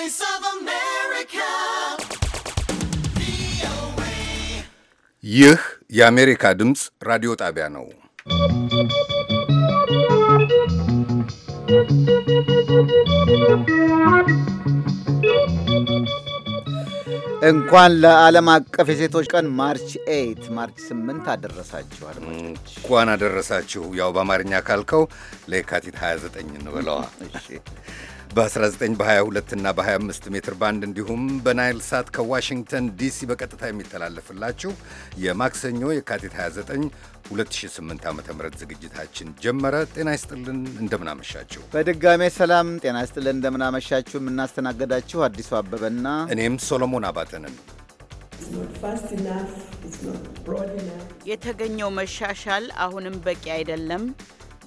Voice of America. ይህ የአሜሪካ ድምፅ ራዲዮ ጣቢያ ነው። እንኳን ለዓለም አቀፍ የሴቶች ቀን ማርች 8 ማርች 8 አደረሳችሁ። እንኳን አደረሳችሁ። ያው በአማርኛ ካልከው ለየካቲት 29 እንበለዋ። በ19 በ22 እና በ25 ሜትር ባንድ እንዲሁም በናይል ሳት ከዋሽንግተን ዲሲ በቀጥታ የሚተላለፍላችሁ የማክሰኞ የካቲት 29 2008 ዓ ም ዝግጅታችን ጀመረ። ጤና ይስጥልን፣ እንደምናመሻችሁ። በድጋሜ ሰላም ጤና ይስጥልን፣ እንደምናመሻችሁ። የምናስተናገዳችሁ አዲሱ አበበና እኔም ሶሎሞን አባተንን የተገኘው መሻሻል አሁንም በቂ አይደለም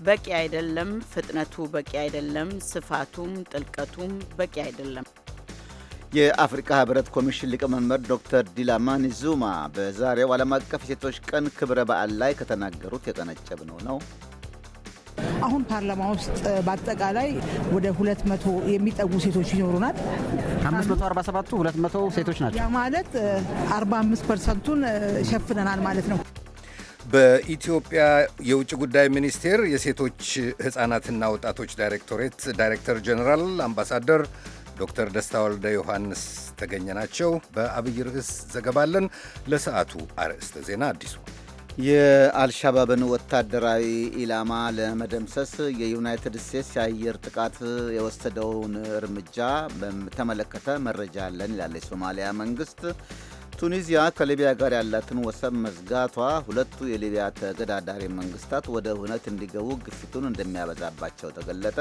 በቂ አይደለም። ፍጥነቱ በቂ አይደለም። ስፋቱም ጥልቀቱም በቂ አይደለም። የአፍሪካ ህብረት ኮሚሽን ሊቀመንበር ዶክተር ዲላማኒ ዙማ በዛሬው ዓለም አቀፍ የሴቶች ቀን ክብረ በዓል ላይ ከተናገሩት የቀነጨብ ነው ነው አሁን ፓርላማ ውስጥ በአጠቃላይ ወደ 200 የሚጠጉ ሴቶች ይኖሩናል። 547ቱ 200 ሴቶች ናቸው። ማለት 45 ፐርሰንቱን ሸፍነናል ማለት ነው። በኢትዮጵያ የውጭ ጉዳይ ሚኒስቴር የሴቶች ሕፃናትና ወጣቶች ዳይሬክቶሬት ዳይሬክተር ጀኔራል አምባሳደር ዶክተር ደስታ ወልደ ዮሐንስ ተገኘ ናቸው። በአብይ ርዕስ ዘገባለን። ለሰዓቱ አርዕስተ ዜና አዲሱ የአልሻባብን ወታደራዊ ኢላማ ለመደምሰስ የዩናይትድ ስቴትስ የአየር ጥቃት የወሰደውን እርምጃ በተመለከተ መረጃ አለን ይላል የሶማሊያ መንግስት። ቱኒዚያ ከሊቢያ ጋር ያላትን ወሰን መዝጋቷ ሁለቱ የሊቢያ ተገዳዳሪ መንግስታት ወደ እውነት እንዲገቡ ግፊቱን እንደሚያበዛባቸው ተገለጠ።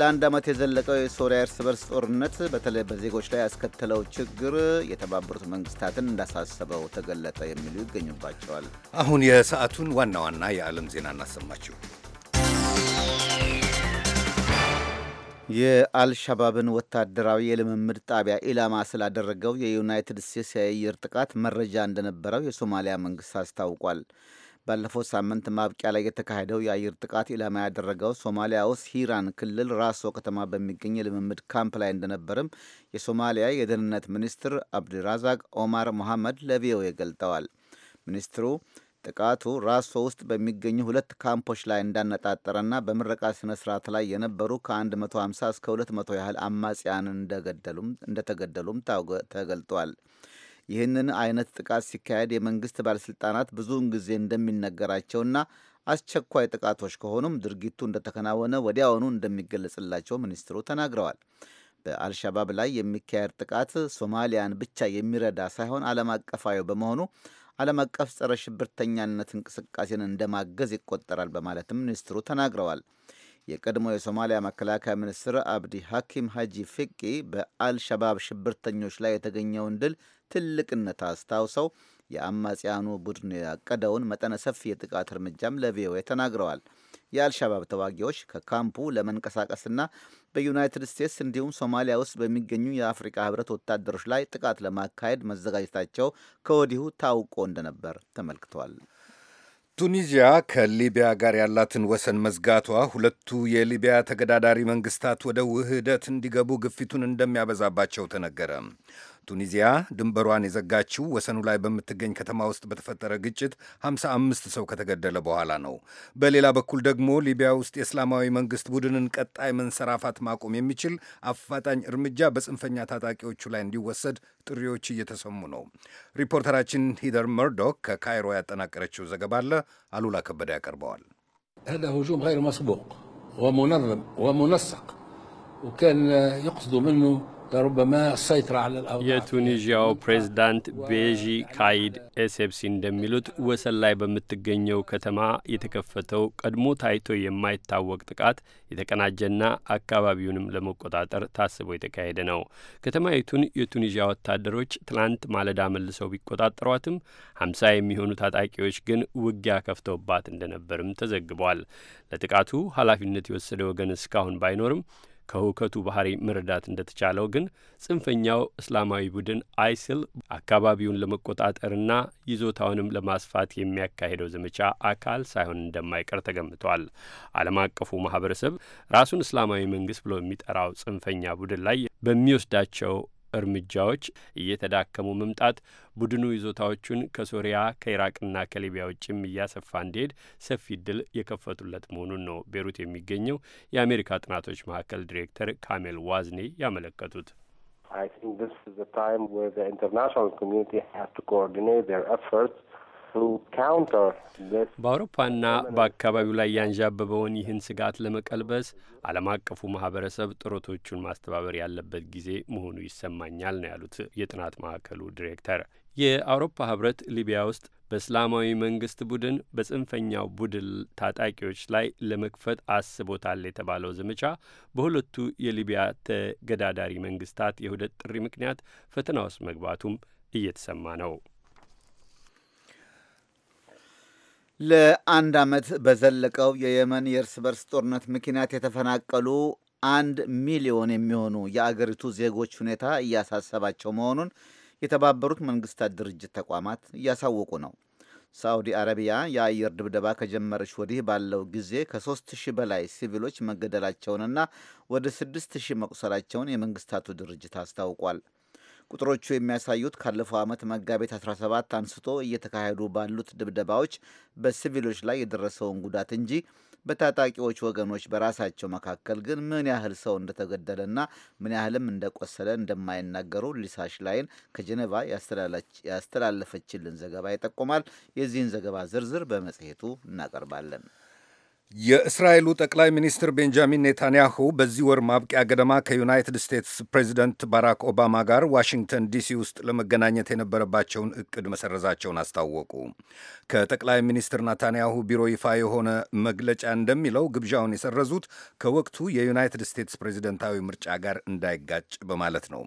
ለአንድ ዓመት የዘለቀው የሶሪያ እርስ በርስ ጦርነት በተለይ በዜጎች ላይ ያስከተለው ችግር የተባበሩት መንግስታትን እንዳሳሰበው ተገለጠ የሚሉ ይገኙባቸዋል። አሁን የሰዓቱን ዋና ዋና የዓለም ዜና እናሰማችሁ። የአልሻባብን ወታደራዊ የልምምድ ጣቢያ ኢላማ ስላደረገው የዩናይትድ ስቴትስ የአየር ጥቃት መረጃ እንደነበረው የሶማሊያ መንግስት አስታውቋል። ባለፈው ሳምንት ማብቂያ ላይ የተካሄደው የአየር ጥቃት ኢላማ ያደረገው ሶማሊያ ውስጥ ሂራን ክልል ራሶ ከተማ በሚገኝ የልምምድ ካምፕ ላይ እንደነበርም የሶማሊያ የደህንነት ሚኒስትር አብድራዛቅ ኦማር ሞሐመድ ለቪኦኤ ገልጠዋል። ሚኒስትሩ ጥቃቱ ራሶ ውስጥ በሚገኙ ሁለት ካምፖች ላይ እንዳነጣጠረና በምረቃ ስነ ስርዓት ላይ የነበሩ ከ150 እስከ 200 ያህል አማጽያን እንደተገደሉም ተገልጧል። ይህንን አይነት ጥቃት ሲካሄድ የመንግስት ባለሥልጣናት ብዙውን ጊዜ እንደሚነገራቸውና አስቸኳይ ጥቃቶች ከሆኑም ድርጊቱ እንደተከናወነ ወዲያውኑ እንደሚገለጽላቸው ሚኒስትሩ ተናግረዋል። በአልሻባብ ላይ የሚካሄድ ጥቃት ሶማሊያን ብቻ የሚረዳ ሳይሆን ዓለም አቀፋዊ በመሆኑ ዓለም አቀፍ ጸረ ሽብርተኛነት እንቅስቃሴን እንደማገዝ ይቆጠራል በማለትም ሚኒስትሩ ተናግረዋል። የቀድሞ የሶማሊያ መከላከያ ሚኒስትር አብዲ ሐኪም ሐጂ ፊቂ በአልሸባብ ሽብርተኞች ላይ የተገኘውን ድል ትልቅነት አስታውሰው የአማጽያኑ ቡድን ያቀደውን መጠነ ሰፊ የጥቃት እርምጃም ለቪኦኤ ተናግረዋል። የአልሻባብ ተዋጊዎች ከካምፑ ለመንቀሳቀስና በዩናይትድ ስቴትስ እንዲሁም ሶማሊያ ውስጥ በሚገኙ የአፍሪካ ሕብረት ወታደሮች ላይ ጥቃት ለማካሄድ መዘጋጀታቸው ከወዲሁ ታውቆ እንደነበር ተመልክቷል። ቱኒዚያ ከሊቢያ ጋር ያላትን ወሰን መዝጋቷ ሁለቱ የሊቢያ ተገዳዳሪ መንግስታት ወደ ውህደት እንዲገቡ ግፊቱን እንደሚያበዛባቸው ተነገረ። ቱኒዚያ ድንበሯን የዘጋችው ወሰኑ ላይ በምትገኝ ከተማ ውስጥ በተፈጠረ ግጭት 55 ሰው ከተገደለ በኋላ ነው። በሌላ በኩል ደግሞ ሊቢያ ውስጥ የእስላማዊ መንግስት ቡድንን ቀጣይ መንሰራፋት ማቆም የሚችል አፋጣኝ እርምጃ በጽንፈኛ ታጣቂዎቹ ላይ እንዲወሰድ ጥሪዎች እየተሰሙ ነው። ሪፖርተራችን ሂደር መርዶክ ከካይሮ ያጠናቀረችው ዘገባ አለ። አሉላ ከበደ ያቀርበዋል። هذا هجوم غير مسبوق የቱኒዥያው ፕሬዝዳንት ቤዢ ካይድ ኤሴፕሲ እንደሚሉት ወሰን ላይ በምትገኘው ከተማ የተከፈተው ቀድሞ ታይቶ የማይታወቅ ጥቃት የተቀናጀና አካባቢውንም ለመቆጣጠር ታስቦ የተካሄደ ነው። ከተማይቱን የቱኒዥያ ወታደሮች ትናንት ማለዳ መልሰው ቢቆጣጠሯትም ሀምሳ የሚሆኑ ታጣቂዎች ግን ውጊያ ከፍተውባት እንደነበርም ተዘግቧል። ለጥቃቱ ኃላፊነት የወሰደ ወገን እስካሁን ባይኖርም ከሁከቱ ባህሪ መረዳት እንደተቻለው ግን ጽንፈኛው እስላማዊ ቡድን አይስል አካባቢውን ለመቆጣጠርና ይዞታውንም ለማስፋት የሚያካሄደው ዘመቻ አካል ሳይሆን እንደማይቀር ተገምቷል። ዓለም አቀፉ ማህበረሰብ ራሱን እስላማዊ መንግስት ብሎ የሚጠራው ጽንፈኛ ቡድን ላይ በሚወስዳቸው እርምጃዎች እየተዳከሙ መምጣት ቡድኑ ይዞታዎቹን ከሶሪያ ከኢራቅና ከሊቢያ ውጭም እያሰፋ እንዲሄድ ሰፊ እድል የከፈቱለት መሆኑን ነው ቤሩት የሚገኘው የአሜሪካ ጥናቶች ማዕከል ዲሬክተር ካሜል ዋዝኔ ያመለከቱት። I think this is the time where the international community has to coordinate their efforts በአውሮፓና በአካባቢው ላይ ያንዣበበውን ይህን ስጋት ለመቀልበስ ዓለም አቀፉ ማህበረሰብ ጥረቶቹን ማስተባበር ያለበት ጊዜ መሆኑ ይሰማኛል ነው ያሉት የጥናት ማዕከሉ ዲሬክተር። የአውሮፓ ህብረት ሊቢያ ውስጥ በእስላማዊ መንግስት ቡድን በጽንፈኛው ቡድን ታጣቂዎች ላይ ለመክፈት አስቦታል የተባለው ዘመቻ በሁለቱ የሊቢያ ተገዳዳሪ መንግስታት የውህደት ጥሪ ምክንያት ፈተና ውስጥ መግባቱም እየተሰማ ነው። ለአንድ ዓመት በዘለቀው የየመን የእርስ በርስ ጦርነት ምክንያት የተፈናቀሉ አንድ ሚሊዮን የሚሆኑ የአገሪቱ ዜጎች ሁኔታ እያሳሰባቸው መሆኑን የተባበሩት መንግስታት ድርጅት ተቋማት እያሳወቁ ነው። ሳዑዲ አረቢያ የአየር ድብደባ ከጀመረች ወዲህ ባለው ጊዜ ከሶስት ሺህ በላይ ሲቪሎች መገደላቸውንና ወደ ስድስት ሺህ መቁሰላቸውን የመንግስታቱ ድርጅት አስታውቋል። ቁጥሮቹ የሚያሳዩት ካለፈው ዓመት መጋቢት 17 አንስቶ እየተካሄዱ ባሉት ድብደባዎች በሲቪሎች ላይ የደረሰውን ጉዳት እንጂ በታጣቂዎች ወገኖች በራሳቸው መካከል ግን ምን ያህል ሰው እንደተገደለና ምን ያህልም እንደቆሰለ እንደማይናገሩ ሊሳሽ ላይን ከጀኔቫ ያስተላለፈችልን ዘገባ ይጠቁማል። የዚህን ዘገባ ዝርዝር በመጽሔቱ እናቀርባለን። የእስራኤሉ ጠቅላይ ሚኒስትር ቤንጃሚን ኔታንያሁ በዚህ ወር ማብቂያ ገደማ ከዩናይትድ ስቴትስ ፕሬዚደንት ባራክ ኦባማ ጋር ዋሽንግተን ዲሲ ውስጥ ለመገናኘት የነበረባቸውን እቅድ መሰረዛቸውን አስታወቁ። ከጠቅላይ ሚኒስትር ኔታንያሁ ቢሮ ይፋ የሆነ መግለጫ እንደሚለው ግብዣውን የሰረዙት ከወቅቱ የዩናይትድ ስቴትስ ፕሬዚደንታዊ ምርጫ ጋር እንዳይጋጭ በማለት ነው።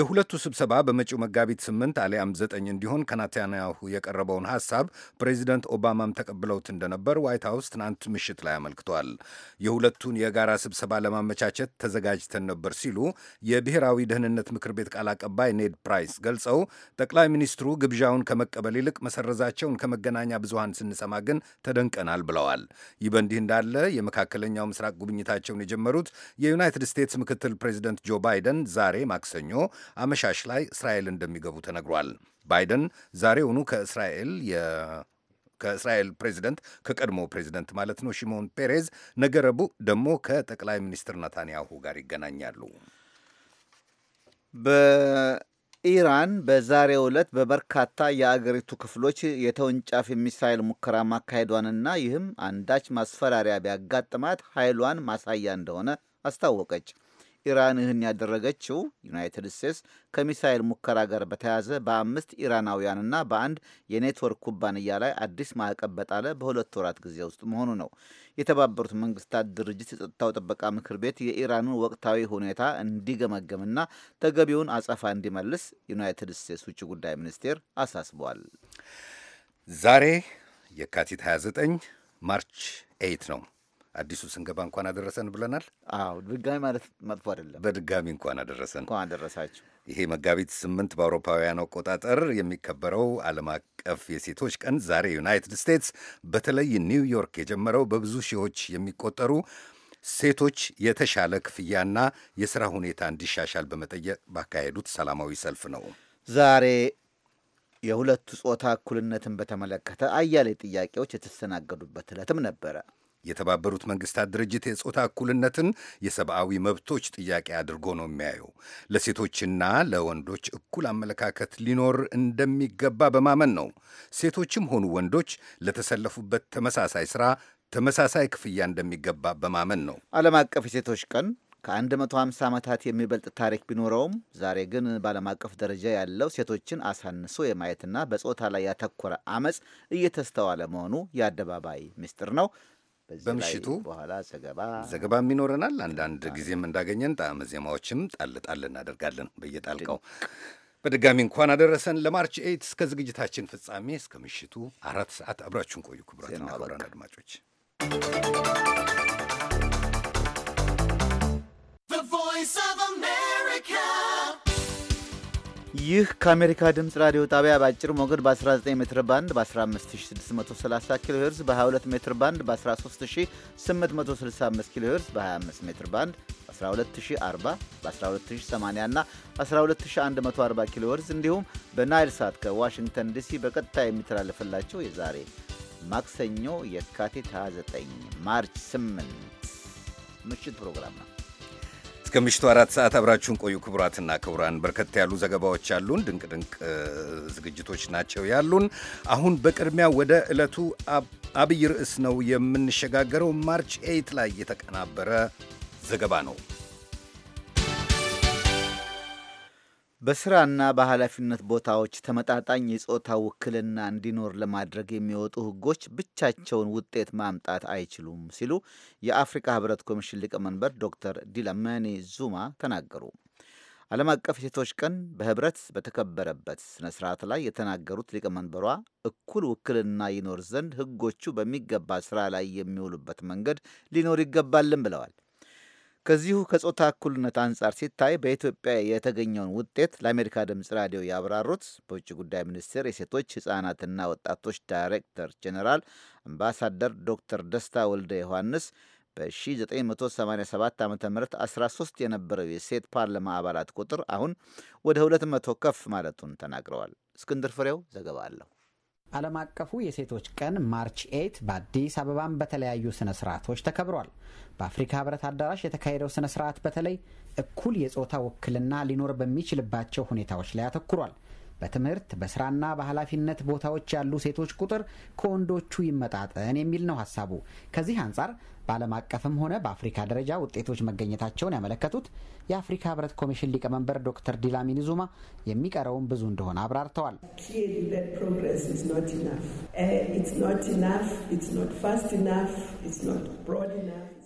የሁለቱ ስብሰባ በመጪው መጋቢት ስምንት አሊያም ዘጠኝ እንዲሆን ከናታንያሁ የቀረበውን ሀሳብ ፕሬዚደንት ኦባማም ተቀብለውት እንደነበር ዋይት ሀውስ ትናንት ምሽት ላይ አመልክቷል። የሁለቱን የጋራ ስብሰባ ለማመቻቸት ተዘጋጅተን ነበር ሲሉ የብሔራዊ ደህንነት ምክር ቤት ቃል አቀባይ ኔድ ፕራይስ ገልጸው ጠቅላይ ሚኒስትሩ ግብዣውን ከመቀበል ይልቅ መሰረዛቸውን ከመገናኛ ብዙሃን ስንሰማ ግን ተደንቀናል ብለዋል። ይህ በእንዲህ እንዳለ የመካከለኛው ምስራቅ ጉብኝታቸውን የጀመሩት የዩናይትድ ስቴትስ ምክትል ፕሬዚደንት ጆ ባይደን ዛሬ ማክሰኞ አመሻሽ ላይ እስራኤል እንደሚገቡ ተነግሯል። ባይደን ዛሬውኑ ከእስራኤል ከእስራኤል ፕሬዚደንት ከቀድሞ ፕሬዚደንት ማለት ነው ሺሞን ፔሬዝ ነገ ረቡዕ ደግሞ ከጠቅላይ ሚኒስትር ነታንያሁ ጋር ይገናኛሉ። በኢራን በዛሬው ዕለት በበርካታ የአገሪቱ ክፍሎች የተወንጫፊ ሚሳይል ሙከራ ማካሄዷንና ይህም አንዳች ማስፈራሪያ ቢያጋጥማት ኃይሏን ማሳያ እንደሆነ አስታወቀች። ኢራን ይህን ያደረገችው ዩናይትድ ስቴትስ ከሚሳኤል ሙከራ ጋር በተያያዘ በአምስት ኢራናውያንና በአንድ የኔትወርክ ኩባንያ ላይ አዲስ ማዕቀብ በጣለ በሁለት ወራት ጊዜ ውስጥ መሆኑ ነው። የተባበሩት መንግስታት ድርጅት የጸጥታው ጥበቃ ምክር ቤት የኢራኑን ወቅታዊ ሁኔታ እንዲገመገምና ተገቢውን አጸፋ እንዲመልስ ዩናይትድ ስቴትስ ውጭ ጉዳይ ሚኒስቴር አሳስቧል። ዛሬ የካቲት 29 ማርች 8 ነው። አዲሱ ስንገባ እንኳን አደረሰን ብለናል። አዎ ድጋሚ ማለት መጥፎ አይደለም። በድጋሚ እንኳን አደረሰን፣ እንኳን አደረሳችሁ። ይሄ መጋቢት ስምንት በአውሮፓውያን አቆጣጠር የሚከበረው ዓለም አቀፍ የሴቶች ቀን ዛሬ ዩናይትድ ስቴትስ በተለይ ኒውዮርክ የጀመረው በብዙ ሺዎች የሚቆጠሩ ሴቶች የተሻለ ክፍያና የሥራ ሁኔታ እንዲሻሻል በመጠየቅ ባካሄዱት ሰላማዊ ሰልፍ ነው። ዛሬ የሁለቱ ጾታ እኩልነትን በተመለከተ አያሌ ጥያቄዎች የተስተናገዱበት ዕለትም ነበረ። የተባበሩት መንግስታት ድርጅት የጾታ እኩልነትን የሰብአዊ መብቶች ጥያቄ አድርጎ ነው የሚያየው። ለሴቶችና ለወንዶች እኩል አመለካከት ሊኖር እንደሚገባ በማመን ነው ሴቶችም ሆኑ ወንዶች ለተሰለፉበት ተመሳሳይ ስራ ተመሳሳይ ክፍያ እንደሚገባ በማመን ነው። ዓለም አቀፍ የሴቶች ቀን ከ150 ዓመታት የሚበልጥ ታሪክ ቢኖረውም ዛሬ ግን በዓለም አቀፍ ደረጃ ያለው ሴቶችን አሳንሶ የማየትና በጾታ ላይ ያተኮረ አመፅ እየተስተዋለ መሆኑ የአደባባይ ምስጢር ነው። በምሽቱ በኋላ ዘገባ ዘገባም ይኖረናል። አንዳንድ ጊዜም እንዳገኘን ጣዕመ ዜማዎችም ጣል ጣል እናደርጋለን በየጣልቀው። በድጋሚ እንኳን አደረሰን ለማርች ኤይት። እስከ ዝግጅታችን ፍጻሜ እስከ ምሽቱ አራት ሰዓት አብራችሁን ቆዩ ክቡራትና ክቡራን አድማጮች። ይህ ከአሜሪካ ድምፅ ራዲዮ ጣቢያ በአጭር ሞገድ በ19 ሜትር ባንድ በ15630 ኪሎ ሄርዝ በ22 ሜትር ባንድ በ13865 ኪሎ ሄርዝ በ25 ሜትር ባንድ በ12040 በ12080 እና 12140 ኪሎ ሄርዝ እንዲሁም በናይል ሳት ከዋሽንግተን ዲሲ በቀጥታ የሚተላለፍላቸው የዛሬ ማክሰኞ የካቲት 29 ማርች 8 ምሽት ፕሮግራም ነው። እስከ ምሽቱ አራት ሰዓት አብራችሁን ቆዩ። ክቡራትና ክቡራን በርከት ያሉ ዘገባዎች አሉን፣ ድንቅ ድንቅ ዝግጅቶች ናቸው ያሉን። አሁን በቅድሚያ ወደ ዕለቱ አብይ ርዕስ ነው የምንሸጋገረው። ማርች ኤይት ላይ የተቀናበረ ዘገባ ነው። በስራና በኃላፊነት ቦታዎች ተመጣጣኝ የጾታ ውክልና እንዲኖር ለማድረግ የሚወጡ ህጎች ብቻቸውን ውጤት ማምጣት አይችሉም ሲሉ የአፍሪካ ህብረት ኮሚሽን ሊቀመንበር ዶክተር ዲላመኒ ዙማ ተናገሩ። ዓለም አቀፍ የሴቶች ቀን በህብረት በተከበረበት ስነ ስርዓት ላይ የተናገሩት ሊቀመንበሯ እኩል ውክልና ይኖር ዘንድ ህጎቹ በሚገባ ስራ ላይ የሚውሉበት መንገድ ሊኖር ይገባልን ብለዋል። ከዚሁ ከጾታ እኩልነት አንጻር ሲታይ በኢትዮጵያ የተገኘውን ውጤት ለአሜሪካ ድምፅ ራዲዮ ያብራሩት በውጭ ጉዳይ ሚኒስቴር የሴቶች ሕፃናትና ወጣቶች ዳይሬክተር ጄኔራል አምባሳደር ዶክተር ደስታ ወልደ ዮሐንስ በ1987 ዓ ም 13 የነበረው የሴት ፓርላማ አባላት ቁጥር አሁን ወደ 200 ከፍ ማለቱን ተናግረዋል። እስክንድር ፍሬው ዘገባ አለሁ። ዓለም አቀፉ የሴቶች ቀን ማርች ኤት በአዲስ አበባም በተለያዩ ስነ ስርዓቶች ተከብሯል። በአፍሪካ ህብረት አዳራሽ የተካሄደው ስነ ስርዓት በተለይ እኩል የጾታ ውክልና ሊኖር በሚችልባቸው ሁኔታዎች ላይ አተኩሯል። በትምህርት በስራና በኃላፊነት ቦታዎች ያሉ ሴቶች ቁጥር ከወንዶቹ ይመጣጠን የሚል ነው ሀሳቡ። ከዚህ አንጻር በዓለም አቀፍም ሆነ በአፍሪካ ደረጃ ውጤቶች መገኘታቸውን ያመለከቱት የአፍሪካ ህብረት ኮሚሽን ሊቀመንበር ዶክተር ዲላሚኒ ዙማ የሚቀረውን ብዙ እንደሆነ አብራርተዋል። eh,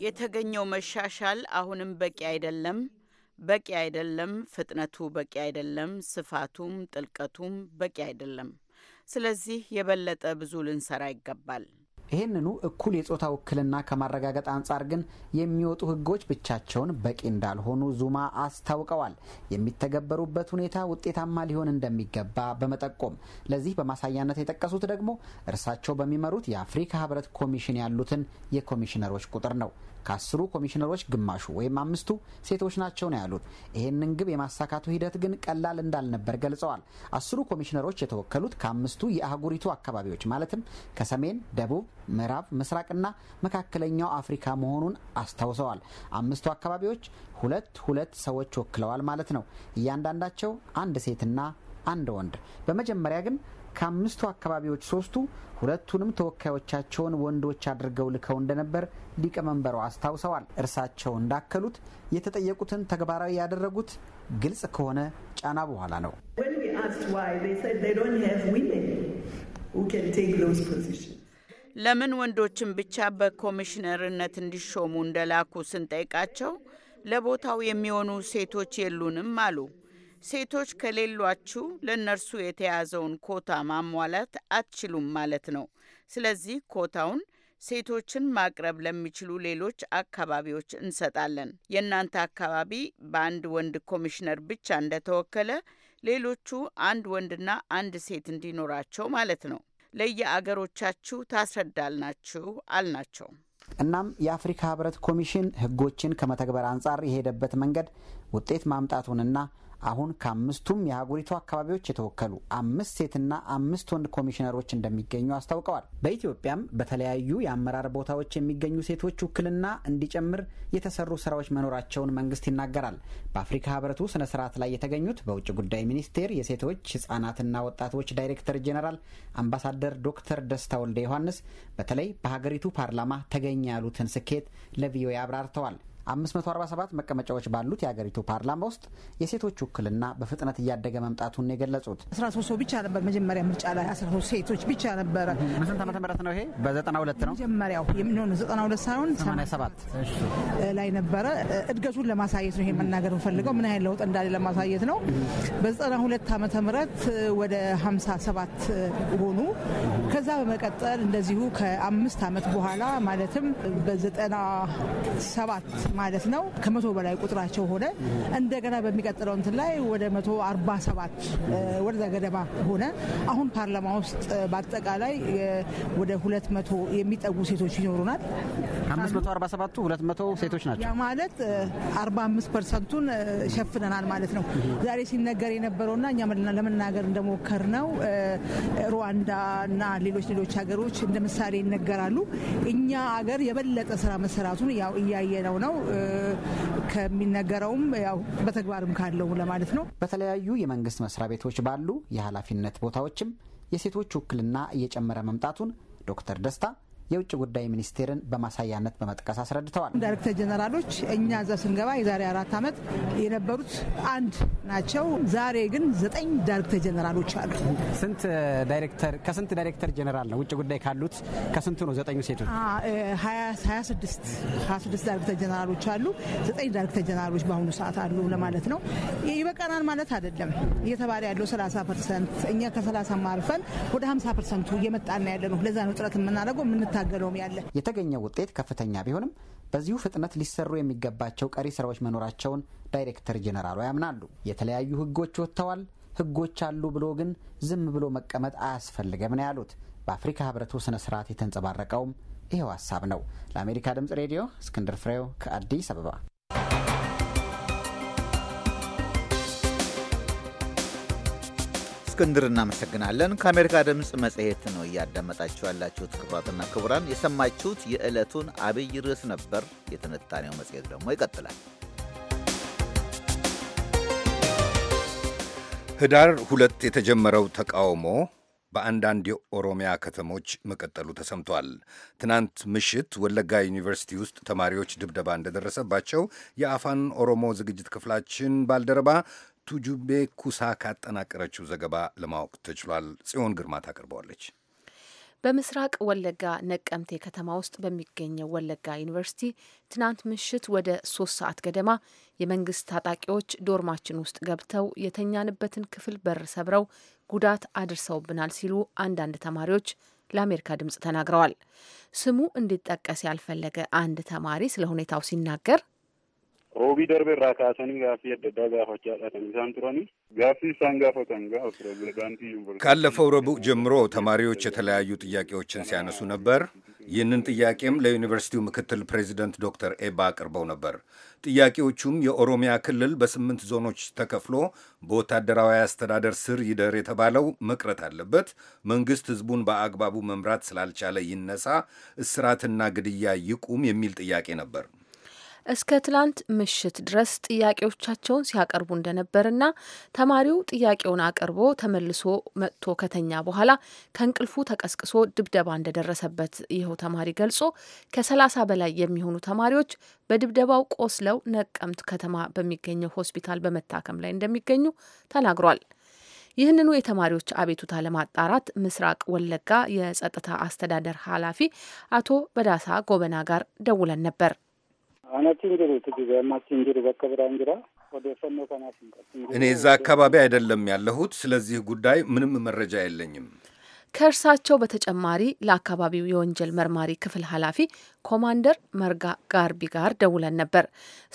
የተገኘው መሻሻል አሁንም በቂ አይደለም በቂ አይደለም፣ ፍጥነቱ በቂ አይደለም፣ ስፋቱም ጥልቀቱም በቂ አይደለም። ስለዚህ የበለጠ ብዙ ልንሰራ ይገባል። ይህንኑ እኩል የጾታ ውክልና ከማረጋገጥ አንጻር ግን የሚወጡ ሕጎች ብቻቸውን በቂ እንዳልሆኑ ዙማ አስታውቀዋል። የሚተገበሩበት ሁኔታ ውጤታማ ሊሆን እንደሚገባ በመጠቆም ለዚህ በማሳያነት የጠቀሱት ደግሞ እርሳቸው በሚመሩት የአፍሪካ ሕብረት ኮሚሽን ያሉትን የኮሚሽነሮች ቁጥር ነው። ከአስሩ ኮሚሽነሮች ግማሹ ወይም አምስቱ ሴቶች ናቸው ነው ያሉት። ይህንን ግብ የማሳካቱ ሂደት ግን ቀላል እንዳልነበር ገልጸዋል። አስሩ ኮሚሽነሮች የተወከሉት ከአምስቱ የአህጉሪቱ አካባቢዎች ማለትም ከሰሜን፣ ደቡብ፣ ምዕራብ፣ ምስራቅና መካከለኛው አፍሪካ መሆኑን አስታውሰዋል። አምስቱ አካባቢዎች ሁለት ሁለት ሰዎች ወክለዋል ማለት ነው። እያንዳንዳቸው አንድ ሴትና አንድ ወንድ። በመጀመሪያ ግን ከአምስቱ አካባቢዎች ሶስቱ ሁለቱንም ተወካዮቻቸውን ወንዶች አድርገው ልከው እንደነበር ሊቀመንበሩ አስታውሰዋል። እርሳቸው እንዳከሉት የተጠየቁትን ተግባራዊ ያደረጉት ግልጽ ከሆነ ጫና በኋላ ነው። ለምን ወንዶችን ብቻ በኮሚሽነርነት እንዲሾሙ እንደላኩ ስንጠይቃቸው ለቦታው የሚሆኑ ሴቶች የሉንም አሉ። ሴቶች ከሌሏችሁ ለእነርሱ የተያዘውን ኮታ ማሟላት አትችሉም ማለት ነው። ስለዚህ ኮታውን ሴቶችን ማቅረብ ለሚችሉ ሌሎች አካባቢዎች እንሰጣለን። የእናንተ አካባቢ በአንድ ወንድ ኮሚሽነር ብቻ እንደተወከለ ሌሎቹ አንድ ወንድና አንድ ሴት እንዲኖራቸው ማለት ነው። ለየአገሮቻችሁ ታስረዳልናችሁ አልናቸው። እናም የአፍሪካ ሕብረት ኮሚሽን ሕጎችን ከመተግበር አንጻር የሄደበት መንገድ ውጤት ማምጣቱንና አሁን ከአምስቱም የአህጉሪቱ አካባቢዎች የተወከሉ አምስት ሴትና አምስት ወንድ ኮሚሽነሮች እንደሚገኙ አስታውቀዋል። በኢትዮጵያም በተለያዩ የአመራር ቦታዎች የሚገኙ ሴቶች ውክልና እንዲጨምር የተሰሩ ስራዎች መኖራቸውን መንግስት ይናገራል። በአፍሪካ ህብረቱ ስነ ስርዓት ላይ የተገኙት በውጭ ጉዳይ ሚኒስቴር የሴቶች ህጻናትና ወጣቶች ዳይሬክተር ጄኔራል አምባሳደር ዶክተር ደስታ ወልደ ዮሐንስ በተለይ በሀገሪቱ ፓርላማ ተገኘ ያሉትን ስኬት ለቪኦኤ አብራርተዋል። 547 መቀመጫዎች ባሉት የአገሪቱ ፓርላማ ውስጥ የሴቶች ውክልና በፍጥነት እያደገ መምጣቱን የገለጹት 13 ሰው ብቻ ነበር መጀመሪያ ምርጫ ላይ 13 ሴቶች ብቻ ነበረ። በስንት ዓመተ ምህረት ነው ይሄ? በ92 ነው መጀመሪያው የሚሆነ 92 ሳይሆን 87 ላይ ነበረ። እድገቱን ለማሳየት ነው ይሄ መናገር ፈልገው ምን ያህል ለውጥ እንዳለ ለማሳየት ነው። በ92 ዓመተ ምህረት ወደ 57 ሆኑ። ከዛ በመቀጠል እንደዚሁ ከአምስት ዓመት በኋላ ማለትም በ97 ማለት ነው። ከመቶ በላይ ቁጥራቸው ሆነ። እንደገና በሚቀጥለው እንትን ላይ ወደ መቶ አርባ ሰባት ወደዛ ገደማ ሆነ። አሁን ፓርላማ ውስጥ በአጠቃላይ ወደ ሁለት መቶ የሚጠጉ ሴቶች ይኖሩናል። አምስት መቶ አርባ ሰባቱ ሁለት መቶ ሴቶች ናቸው። ማለት አርባ አምስት ፐርሰንቱን ሸፍነናል ማለት ነው። ዛሬ ሲነገር የነበረውና እኛ ለመናገር እንደሞከር ነው ሩዋንዳ እና ሌሎች ሌሎች ሀገሮች እንደ ምሳሌ ይነገራሉ። እኛ አገር የበለጠ ስራ መሰራቱን ያው እያየነው ነው። ከሚነገረውም ያው በተግባርም ካለው ለማለት ነው። በተለያዩ የመንግስት መስሪያ ቤቶች ባሉ የኃላፊነት ቦታዎችም የሴቶች ውክልና እየጨመረ መምጣቱን ዶክተር ደስታ የውጭ ጉዳይ ሚኒስቴርን በማሳያነት በመጥቀስ አስረድተዋል። ዳይሬክተር ጀነራሎች እኛ እዛ ስንገባ የዛሬ አራት ዓመት የነበሩት አንድ ናቸው። ዛሬ ግን ዘጠኝ ዳይሬክተር ጀነራሎች አሉ። ስንት ዳይሬክተር ከስንት ዳይሬክተር ጀነራል ነው ውጭ ጉዳይ ካሉት ከስንቱ ነው ዘጠኙ ሴቶች? ሀያ ስድስት ዳይሬክተር ጀነራሎች አሉ። ዘጠኝ ዳይሬክተር ጀነራሎች በአሁኑ ሰዓት አሉ ለማለት ነው። ይበቃናል ማለት አይደለም እየተባለ ያለው 30 ፐርሰንት እኛ ከ30 ማርፈን ወደ 50 ፐርሰንቱ እየመጣና ያለ ነው። ለዛ ነው ጥረት የምናደርገው እየታገለውም ያለ። የተገኘው ውጤት ከፍተኛ ቢሆንም በዚሁ ፍጥነት ሊሰሩ የሚገባቸው ቀሪ ስራዎች መኖራቸውን ዳይሬክተር ጄኔራሉ ያምናሉ። የተለያዩ ህጎች ወጥተዋል። ህጎች አሉ ብሎ ግን ዝም ብሎ መቀመጥ አያስፈልገም ነው ያሉት። በአፍሪካ ህብረቱ ስነ ስርዓት የተንጸባረቀውም ይኸው ሀሳብ ነው። ለአሜሪካ ድምጽ ሬዲዮ እስክንድር ፍሬው ከአዲስ አበባ እስክንድር እናመሰግናለን። ከአሜሪካ ድምፅ መጽሔት ነው እያዳመጣችሁ ያላችሁት። ክቡራትና ክቡራን የሰማችሁት የዕለቱን አብይ ርዕስ ነበር። የትንታኔው መጽሔት ደግሞ ይቀጥላል። ህዳር ሁለት የተጀመረው ተቃውሞ በአንዳንድ የኦሮሚያ ከተሞች መቀጠሉ ተሰምቷል። ትናንት ምሽት ወለጋ ዩኒቨርሲቲ ውስጥ ተማሪዎች ድብደባ እንደደረሰባቸው የአፋን ኦሮሞ ዝግጅት ክፍላችን ባልደረባ ቱጁቤ ኩሳ ካጠናቀረችው ዘገባ ለማወቅ ተችሏል። ጽዮን ግርማ ታቀርበዋለች። በምስራቅ ወለጋ ነቀምቴ ከተማ ውስጥ በሚገኘው ወለጋ ዩኒቨርሲቲ ትናንት ምሽት ወደ ሶስት ሰዓት ገደማ የመንግስት ታጣቂዎች ዶርማችን ውስጥ ገብተው የተኛንበትን ክፍል በር ሰብረው ጉዳት አድርሰውብናል ሲሉ አንዳንድ ተማሪዎች ለአሜሪካ ድምጽ ተናግረዋል። ስሙ እንዲጠቀስ ያልፈለገ አንድ ተማሪ ስለ ሁኔታው ሲናገር Roobii darbe irraa kaasanii gaaffii adda addaa gaafachaadha kan isaan turanii gaaffii isaan gaafatan gaafa ፕሬዚዳንቱ ካለፈው ረቡዕ ጀምሮ ተማሪዎች የተለያዩ ጥያቄዎችን ሲያነሱ ነበር። ይህንን ጥያቄም ለዩኒቨርሲቲው ምክትል ፕሬዚደንት ዶክተር ኤባ አቅርበው ነበር። ጥያቄዎቹም የኦሮሚያ ክልል በስምንት ዞኖች ተከፍሎ በወታደራዊ አስተዳደር ስር ይደር የተባለው መቅረት አለበት፣ መንግስት ህዝቡን በአግባቡ መምራት ስላልቻለ ይነሳ፣ እስራትና ግድያ ይቁም የሚል ጥያቄ ነበር። እስከ ትላንት ምሽት ድረስ ጥያቄዎቻቸውን ሲያቀርቡ እንደነበርና ተማሪው ጥያቄውን አቅርቦ ተመልሶ መጥቶ ከተኛ በኋላ ከእንቅልፉ ተቀስቅሶ ድብደባ እንደደረሰበት ይኸው ተማሪ ገልጾ ከሰላሳ በላይ የሚሆኑ ተማሪዎች በድብደባው ቆስለው ነቀምት ከተማ በሚገኘው ሆስፒታል በመታከም ላይ እንደሚገኙ ተናግሯል። ይህንኑ የተማሪዎች አቤቱታ ለማጣራት ምስራቅ ወለጋ የጸጥታ አስተዳደር ኃላፊ አቶ በዳሳ ጎበና ጋር ደውለን ነበር። እኔ እዛ አካባቢ አይደለም ያለሁት። ስለዚህ ጉዳይ ምንም መረጃ የለኝም። ከእርሳቸው በተጨማሪ ለአካባቢው የወንጀል መርማሪ ክፍል ኃላፊ ኮማንደር መርጋ ጋርቢ ጋር ደውለን ነበር።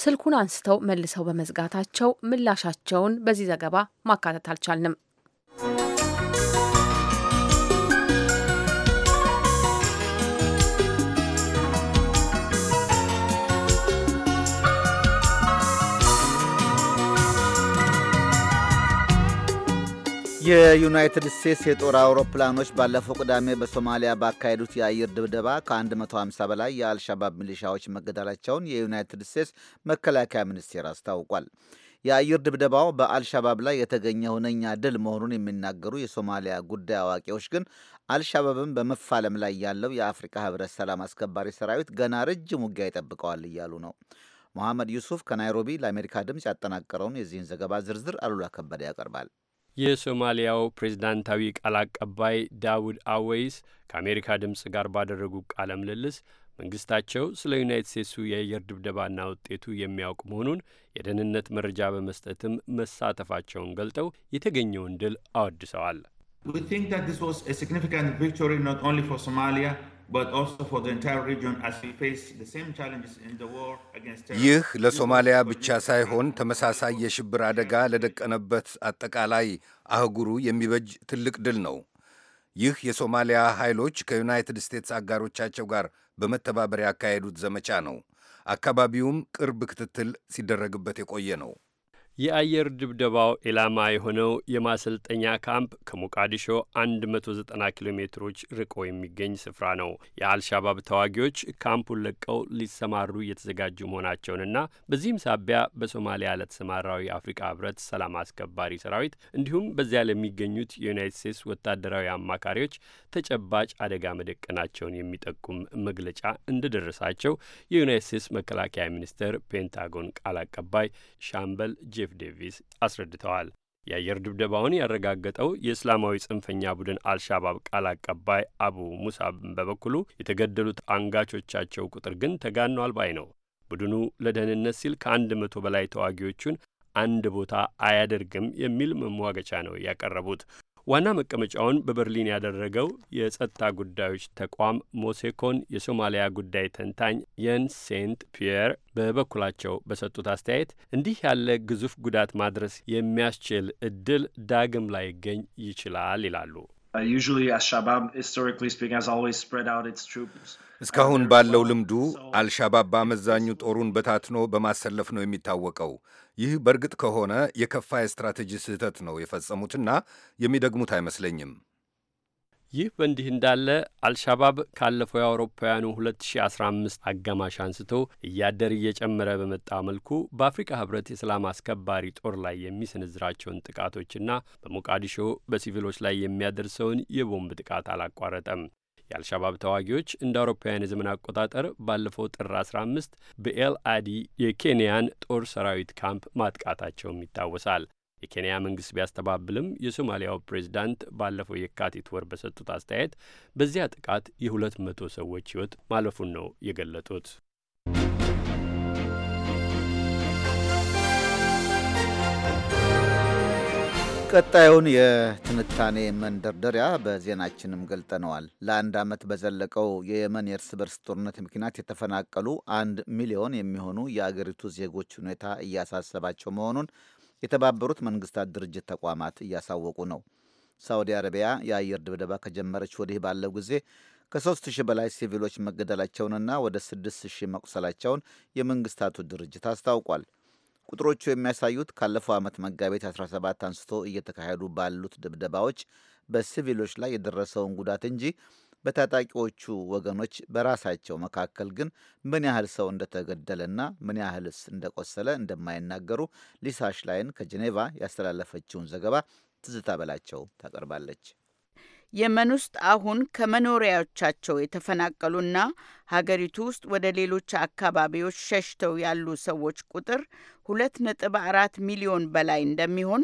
ስልኩን አንስተው መልሰው በመዝጋታቸው ምላሻቸውን በዚህ ዘገባ ማካተት አልቻልንም። የዩናይትድ ስቴትስ የጦር አውሮፕላኖች ባለፈው ቅዳሜ በሶማሊያ ባካሄዱት የአየር ድብደባ ከ150 በላይ የአልሻባብ ሚሊሻዎች መገደላቸውን የዩናይትድ ስቴትስ መከላከያ ሚኒስቴር አስታውቋል። የአየር ድብደባው በአልሻባብ ላይ የተገኘ ሁነኛ ድል መሆኑን የሚናገሩ የሶማሊያ ጉዳይ አዋቂዎች ግን አልሻባብን በመፋለም ላይ ያለው የአፍሪካ ሕብረት ሰላም አስከባሪ ሰራዊት ገና ረጅም ውጊያ ይጠብቀዋል እያሉ ነው። መሐመድ ዩሱፍ ከናይሮቢ ለአሜሪካ ድምፅ ያጠናቀረውን የዚህን ዘገባ ዝርዝር አሉላ ከበደ ያቀርባል። የሶማሊያው ፕሬዝዳንታዊ ቃል አቀባይ ዳውድ አወይስ ከአሜሪካ ድምፅ ጋር ባደረጉ ቃለ ምልልስ መንግስታቸው ስለ ዩናይት ስቴትሱ የአየር ድብደባና ውጤቱ የሚያውቅ መሆኑን የደህንነት መረጃ በመስጠትም መሳተፋቸውን ገልጠው የተገኘውን ድል አወድሰዋል። ይህ ለሶማሊያ ብቻ ሳይሆን ተመሳሳይ የሽብር አደጋ ለደቀነበት አጠቃላይ አህጉሩ የሚበጅ ትልቅ ድል ነው። ይህ የሶማሊያ ኃይሎች ከዩናይትድ ስቴትስ አጋሮቻቸው ጋር በመተባበር ያካሄዱት ዘመቻ ነው። አካባቢውም ቅርብ ክትትል ሲደረግበት የቆየ ነው። የአየር ድብደባው ኢላማ የሆነው የማሰልጠኛ ካምፕ ከሞቃዲሾ 190 ኪሎ ሜትሮች ርቆ የሚገኝ ስፍራ ነው። የአልሻባብ ተዋጊዎች ካምፑን ለቀው ሊሰማሩ እየተዘጋጁ መሆናቸውንና በዚህም ሳቢያ በሶማሊያ ለተሰማራው የአፍሪካ ህብረት ሰላም አስከባሪ ሰራዊት እንዲሁም በዚያ ለሚገኙት የዩናይት ስቴትስ ወታደራዊ አማካሪዎች ተጨባጭ አደጋ መደቀናቸውን የሚጠቁም መግለጫ እንደደረሳቸው የዩናይት ስቴትስ መከላከያ ሚኒስቴር ፔንታጎን ቃል አቀባይ ሻምበል ጄፍ ዴቪስ አስረድተዋል። የአየር ድብደባውን ያረጋገጠው የእስላማዊ ጽንፈኛ ቡድን አልሻባብ ቃል አቀባይ አቡ ሙሳብን በበኩሉ የተገደሉት አንጋቾቻቸው ቁጥር ግን ተጋኗል ባይ ነው። ቡድኑ ለደህንነት ሲል ከአንድ መቶ በላይ ተዋጊዎቹን አንድ ቦታ አያደርግም የሚል መሟገቻ ነው ያቀረቡት። ዋና መቀመጫውን በበርሊን ያደረገው የጸጥታ ጉዳዮች ተቋም ሞሴኮን የሶማሊያ ጉዳይ ተንታኝ የን ሴንት ፒየር በበኩላቸው በሰጡት አስተያየት እንዲህ ያለ ግዙፍ ጉዳት ማድረስ የሚያስችል እድል ዳግም ላይገኝ ይችላል ይላሉ። Uh, usually Al-Shabaab, historically speaking, has always spread out its troops. እስካሁን uh, ባለው ልምዱ አልሻባብ በአመዛኙ ጦሩን በታትኖ በማሰለፍ ነው የሚታወቀው። ይህ በእርግጥ ከሆነ የከፋ የስትራቴጂ ስህተት ነው የፈጸሙትና የሚደግሙት አይመስለኝም። ይህ በእንዲህ እንዳለ አልሻባብ ካለፈው የአውሮፓውያኑ 2015 አጋማሽ አንስቶ እያደር እየጨመረ በመጣ መልኩ በአፍሪካ ህብረት የሰላም አስከባሪ ጦር ላይ የሚሰነዝራቸውን ጥቃቶችና በሞቃዲሾ በሲቪሎች ላይ የሚያደርሰውን የቦምብ ጥቃት አላቋረጠም። የአልሻባብ ተዋጊዎች እንደ አውሮፓውያን የዘመን አቆጣጠር ባለፈው ጥር 15 በኤል አዲ የኬንያን ጦር ሰራዊት ካምፕ ማጥቃታቸውም ይታወሳል። የኬንያ መንግስት ቢያስተባብልም የሶማሊያው ፕሬዚዳንት ባለፈው የካቲት ወር በሰጡት አስተያየት በዚያ ጥቃት የሁለት መቶ ሰዎች ህይወት ማለፉን ነው የገለጡት። ቀጣዩን የትንታኔ መንደርደሪያ በዜናችንም ገልጠነዋል። ለአንድ ዓመት በዘለቀው የየመን የእርስ በርስ ጦርነት ምክንያት የተፈናቀሉ አንድ ሚሊዮን የሚሆኑ የአገሪቱ ዜጎች ሁኔታ እያሳሰባቸው መሆኑን የተባበሩት መንግስታት ድርጅት ተቋማት እያሳወቁ ነው። ሳዑዲ አረቢያ የአየር ድብደባ ከጀመረች ወዲህ ባለው ጊዜ ከ3000 በላይ ሲቪሎች መገደላቸውንና ወደ 6000 መቁሰላቸውን የመንግስታቱ ድርጅት አስታውቋል። ቁጥሮቹ የሚያሳዩት ካለፈው ዓመት መጋቢት 17 አንስቶ እየተካሄዱ ባሉት ድብደባዎች በሲቪሎች ላይ የደረሰውን ጉዳት እንጂ በታጣቂዎቹ ወገኖች በራሳቸው መካከል ግን ምን ያህል ሰው እንደተገደለና ምን ያህልስ እንደቆሰለ እንደማይናገሩ ሊሳ ሽላይን ከጄኔቫ ያስተላለፈችውን ዘገባ ትዝታ በላቸው ታቀርባለች። የመን ውስጥ አሁን ከመኖሪያዎቻቸው የተፈናቀሉና ሀገሪቱ ውስጥ ወደ ሌሎች አካባቢዎች ሸሽተው ያሉ ሰዎች ቁጥር ሁለት ነጥብ አራት ሚሊዮን በላይ እንደሚሆን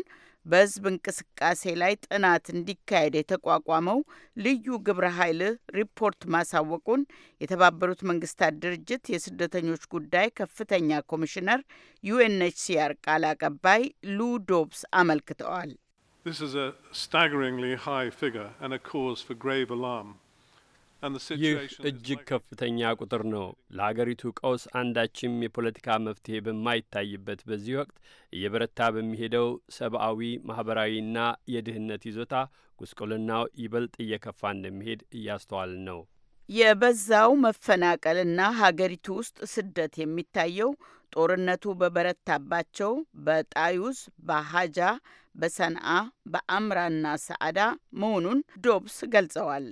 በህዝብ እንቅስቃሴ ላይ ጥናት እንዲካሄድ የተቋቋመው ልዩ ግብረ ኃይል ሪፖርት ማሳወቁን የተባበሩት መንግስታት ድርጅት የስደተኞች ጉዳይ ከፍተኛ ኮሚሽነር ዩኤንኤችሲአር ቃል አቀባይ ሉ ዶብስ አመልክተዋል። ይህ እጅግ ከፍተኛ ቁጥር ነው። ለሀገሪቱ ቀውስ አንዳችም የፖለቲካ መፍትሄ በማይታይበት በዚህ ወቅት እየበረታ በሚሄደው ሰብአዊ ማኅበራዊና የድህነት ይዞታ ጉስቁልናው ይበልጥ እየከፋ እንደሚሄድ እያስተዋልን ነው። የበዛው መፈናቀልና ሀገሪቱ ውስጥ ስደት የሚታየው ጦርነቱ በበረታባቸው በጣዩዝ፣ በሀጃ፣ በሰንአ፣ በአምራና ሰዓዳ መሆኑን ዶብስ ገልጸዋል።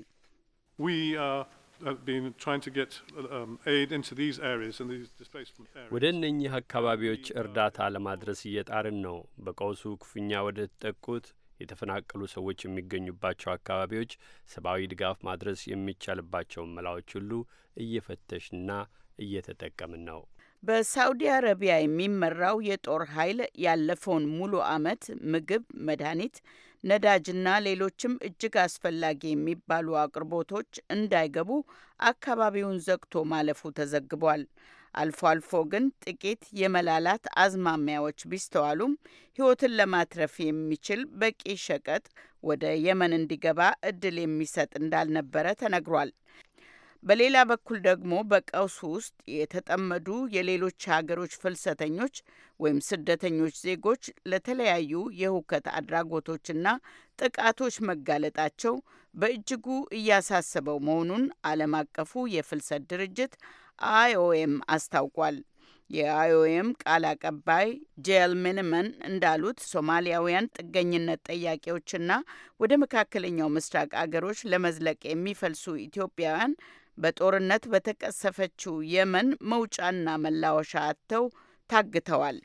ወደ እነኚህ አካባቢዎች uh, እርዳታ ለማድረስ እየጣርን ነው። በቀውሱ ክፉኛ ወደ ተጠቁት የተፈናቀሉ ሰዎች የሚገኙባቸው አካባቢዎች ሰብአዊ ድጋፍ ማድረስ የሚቻልባቸውን መላዎች ሁሉ እየፈተሽና እየተጠቀምን ነው። በሳውዲ አረቢያ የሚመራው የጦር ኃይል ያለፈውን ሙሉ ዓመት ምግብ፣ መድኃኒት ነዳጅና ሌሎችም እጅግ አስፈላጊ የሚባሉ አቅርቦቶች እንዳይገቡ አካባቢውን ዘግቶ ማለፉ ተዘግቧል። አልፎ አልፎ ግን ጥቂት የመላላት አዝማሚያዎች ቢስተዋሉም ሕይወትን ለማትረፍ የሚችል በቂ ሸቀጥ ወደ የመን እንዲገባ እድል የሚሰጥ እንዳልነበረ ተነግሯል። በሌላ በኩል ደግሞ በቀውስ ውስጥ የተጠመዱ የሌሎች ሀገሮች ፍልሰተኞች ወይም ስደተኞች ዜጎች ለተለያዩ የሁከት አድራጎቶችና ጥቃቶች መጋለጣቸው በእጅጉ እያሳሰበው መሆኑን ዓለም አቀፉ የፍልሰት ድርጅት አይኦኤም አስታውቋል። የአይኦኤም ቃል አቀባይ ጄል ሚኒመን እንዳሉት ሶማሊያውያን ጥገኝነት ጠያቂዎችና ወደ መካከለኛው ምስራቅ አገሮች ለመዝለቅ የሚፈልሱ ኢትዮጵያውያን በጦርነት በተቀሰፈችው የመን መውጫና መላወሻ አጥተው ታግተዋል።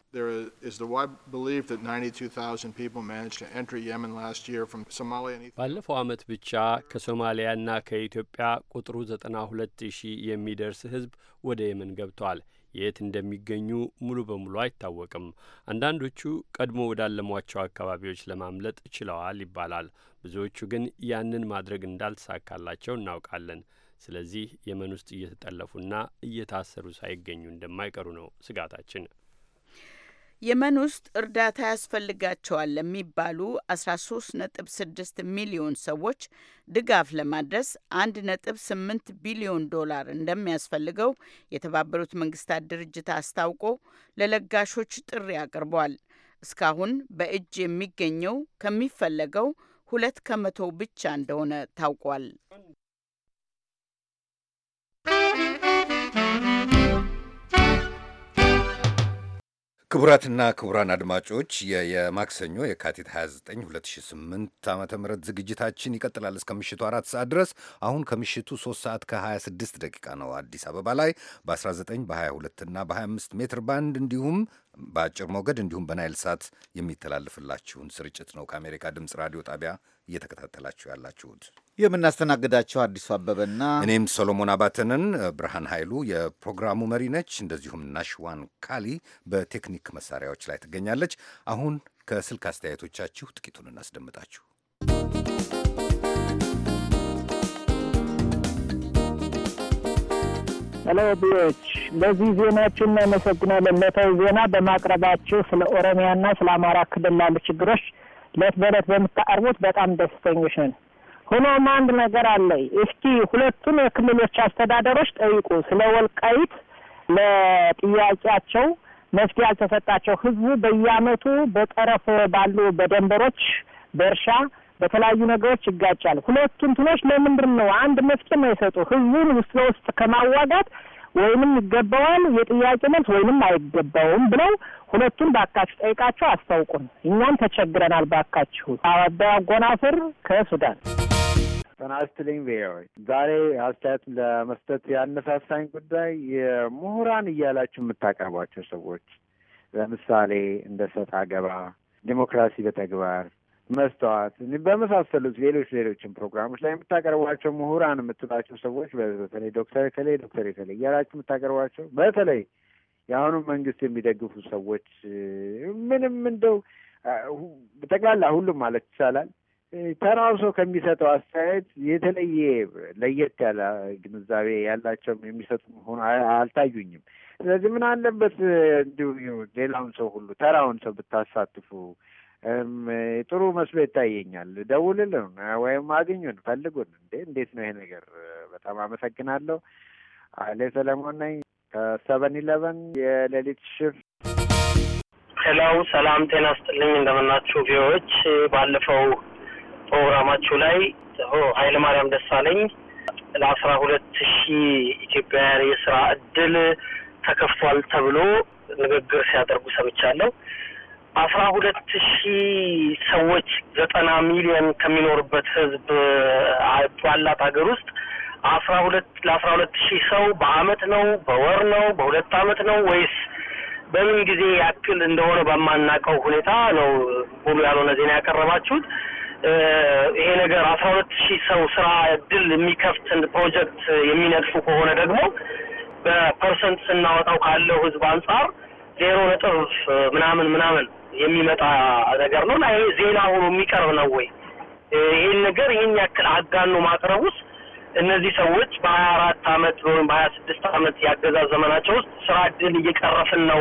ባለፈው ዓመት ብቻ ከሶማሊያና ከኢትዮጵያ ቁጥሩ 92 ሺህ የሚደርስ ህዝብ ወደ የመን ገብቷል። የት እንደሚገኙ ሙሉ በሙሉ አይታወቅም። አንዳንዶቹ ቀድሞ ወዳለሟቸው አካባቢዎች ለማምለጥ ችለዋል ይባላል። ብዙዎቹ ግን ያንን ማድረግ እንዳልተሳካላቸው እናውቃለን። ስለዚህ የመን ውስጥ እየተጠለፉና እየታሰሩ ሳይገኙ እንደማይቀሩ ነው ስጋታችን። የመን ውስጥ እርዳታ ያስፈልጋቸዋል ለሚባሉ 13.6 ሚሊዮን ሰዎች ድጋፍ ለማድረስ 1.8 ቢሊዮን ዶላር እንደሚያስፈልገው የተባበሩት መንግስታት ድርጅት አስታውቆ ለለጋሾች ጥሪ አቅርቧል። እስካሁን በእጅ የሚገኘው ከሚፈለገው ሁለት ከመቶ ብቻ እንደሆነ ታውቋል። ክቡራትና ክቡራን አድማጮች የማክሰኞ የካቲት 29 2008 ዓ ም ዝግጅታችን ይቀጥላል እስከ ምሽቱ አራት ሰዓት ድረስ። አሁን ከምሽቱ 3 ሰዓት ከ26 ደቂቃ ነው አዲስ አበባ ላይ በ19 በ22 እና በ25 ሜትር ባንድ እንዲሁም በአጭር ሞገድ እንዲሁም በናይል ሳት የሚተላልፍላችሁን ስርጭት ነው ከአሜሪካ ድምፅ ራዲዮ ጣቢያ እየተከታተላችሁ ያላችሁት። የምናስተናግዳቸው አዲሱ አበበና እኔም ሰሎሞን አባተንን። ብርሃን ኃይሉ የፕሮግራሙ መሪ ነች። እንደዚሁም ናሽዋን ካሊ በቴክኒክ መሳሪያዎች ላይ ትገኛለች። አሁን ከስልክ አስተያየቶቻችሁ ጥቂቱን እናስደምጣችሁ። ሰለቢዎች ለዚህ ዜናችን እናመሰግናለን። ለተው ዜና በማቅረባችሁ ስለ ኦሮሚያና ስለ አማራ ክልል ላሉ ችግሮች ለት በለት በምታቀርቡት በጣም ደስተኞች ነን። ሆኖም አንድ ነገር አለ። እስኪ ሁለቱን የክልሎች አስተዳደሮች ጠይቁ። ስለ ወልቃይት ለጥያቄያቸው መፍትሄ ያልተሰጣቸው ህዝቡ በየአመቱ በጠረፍ ባሉ በደንበሮች፣ በእርሻ በተለያዩ ነገሮች ይጋጫል። ሁለቱ እንትኖች ለምንድን ነው አንድ መፍትሄ የማይሰጡ? ህዝቡን ውስጥ ለውስጥ ከማዋጋት ወይንም ይገባዋል የጥያቄ መልስ ወይንም አይገባውም ብለው ሁለቱን ባካችሁ ጠይቃችሁ አስታውቁን። እኛም ተቸግረናል። ባካችሁ አበበ ከሱዳን ጠናስትልኝ ቪኦኤ። ዛሬ አስተያየት ለመስጠት ያነሳሳኝ ጉዳይ የምሁራን እያላችሁ የምታቀርቧቸው ሰዎች ለምሳሌ እንደ ሰጥ አገባ፣ ዲሞክራሲ በተግባር መስተዋት በመሳሰሉት ሌሎች ሌሎችን ፕሮግራሞች ላይ የምታቀርቧቸው ምሁራን የምትሏቸው ሰዎች በተለይ ዶክተር ከሌ ዶክተር ከሌ እያላችሁ የምታቀርቧቸው በተለይ የአሁኑ መንግስት የሚደግፉ ሰዎች ምንም እንደው ጠቅላላ ሁሉም ማለት ይቻላል ተራውሶ ከሚሰጠው አስተያየት የተለየ ለየት ያለ ግንዛቤ ያላቸውም የሚሰጡ ሆኖ አልታዩኝም። ስለዚህ ምን አለበት እንዲሁ ሌላውን ሰው ሁሉ ተራውን ሰው ብታሳትፉ ጥሩ መስሎ ይታየኛል። ደውልልን ወይም አግኙን፣ ፈልጉን። እንዴ እንዴት ነው ይሄ ነገር? በጣም አመሰግናለሁ። አሌ ሰለሞን ነኝ ከሰቨን ኢለቨን የሌሊት ሽፍ ሄላው ሰላም ጤና ስጥልኝ፣ እንደምናችሁ ቪዎች ባለፈው ፕሮግራማችሁ ላይ ኃይለ ማርያም ደሳለኝ ለአስራ ሁለት ሺህ ኢትዮጵያውያን የስራ እድል ተከፍቷል ተብሎ ንግግር ሲያደርጉ ሰምቻለሁ። አስራ ሁለት ሺህ ሰዎች ዘጠና ሚሊዮን ከሚኖርበት ህዝብ ባላት ሀገር ውስጥ አስራ ሁለት ለአስራ ሁለት ሺህ ሰው በአመት ነው በወር ነው በሁለት አመት ነው ወይስ በምን ጊዜ ያክል እንደሆነ በማናውቀው ሁኔታ ነው ሙሉ ያልሆነ ዜና ያቀረባችሁት። ይሄ ነገር አስራ ሁለት ሺህ ሰው ስራ እድል የሚከፍትን ፕሮጀክት የሚነድፉ ከሆነ ደግሞ በፐርሰንት ስናወጣው ካለው ህዝብ አንጻር ዜሮ ነጥብ ምናምን ምናምን የሚመጣ ነገር ነው እና ይሄ ዜና ሆኖ የሚቀርብ ነው ወይ? ይህን ነገር ይህን ያክል አጋኖ ማቅረብ ውስጥ እነዚህ ሰዎች በሀያ አራት አመት ወይም በሀያ ስድስት አመት ያገዛዝ ዘመናቸው ውስጥ ስራ እድል እየቀረፍን ነው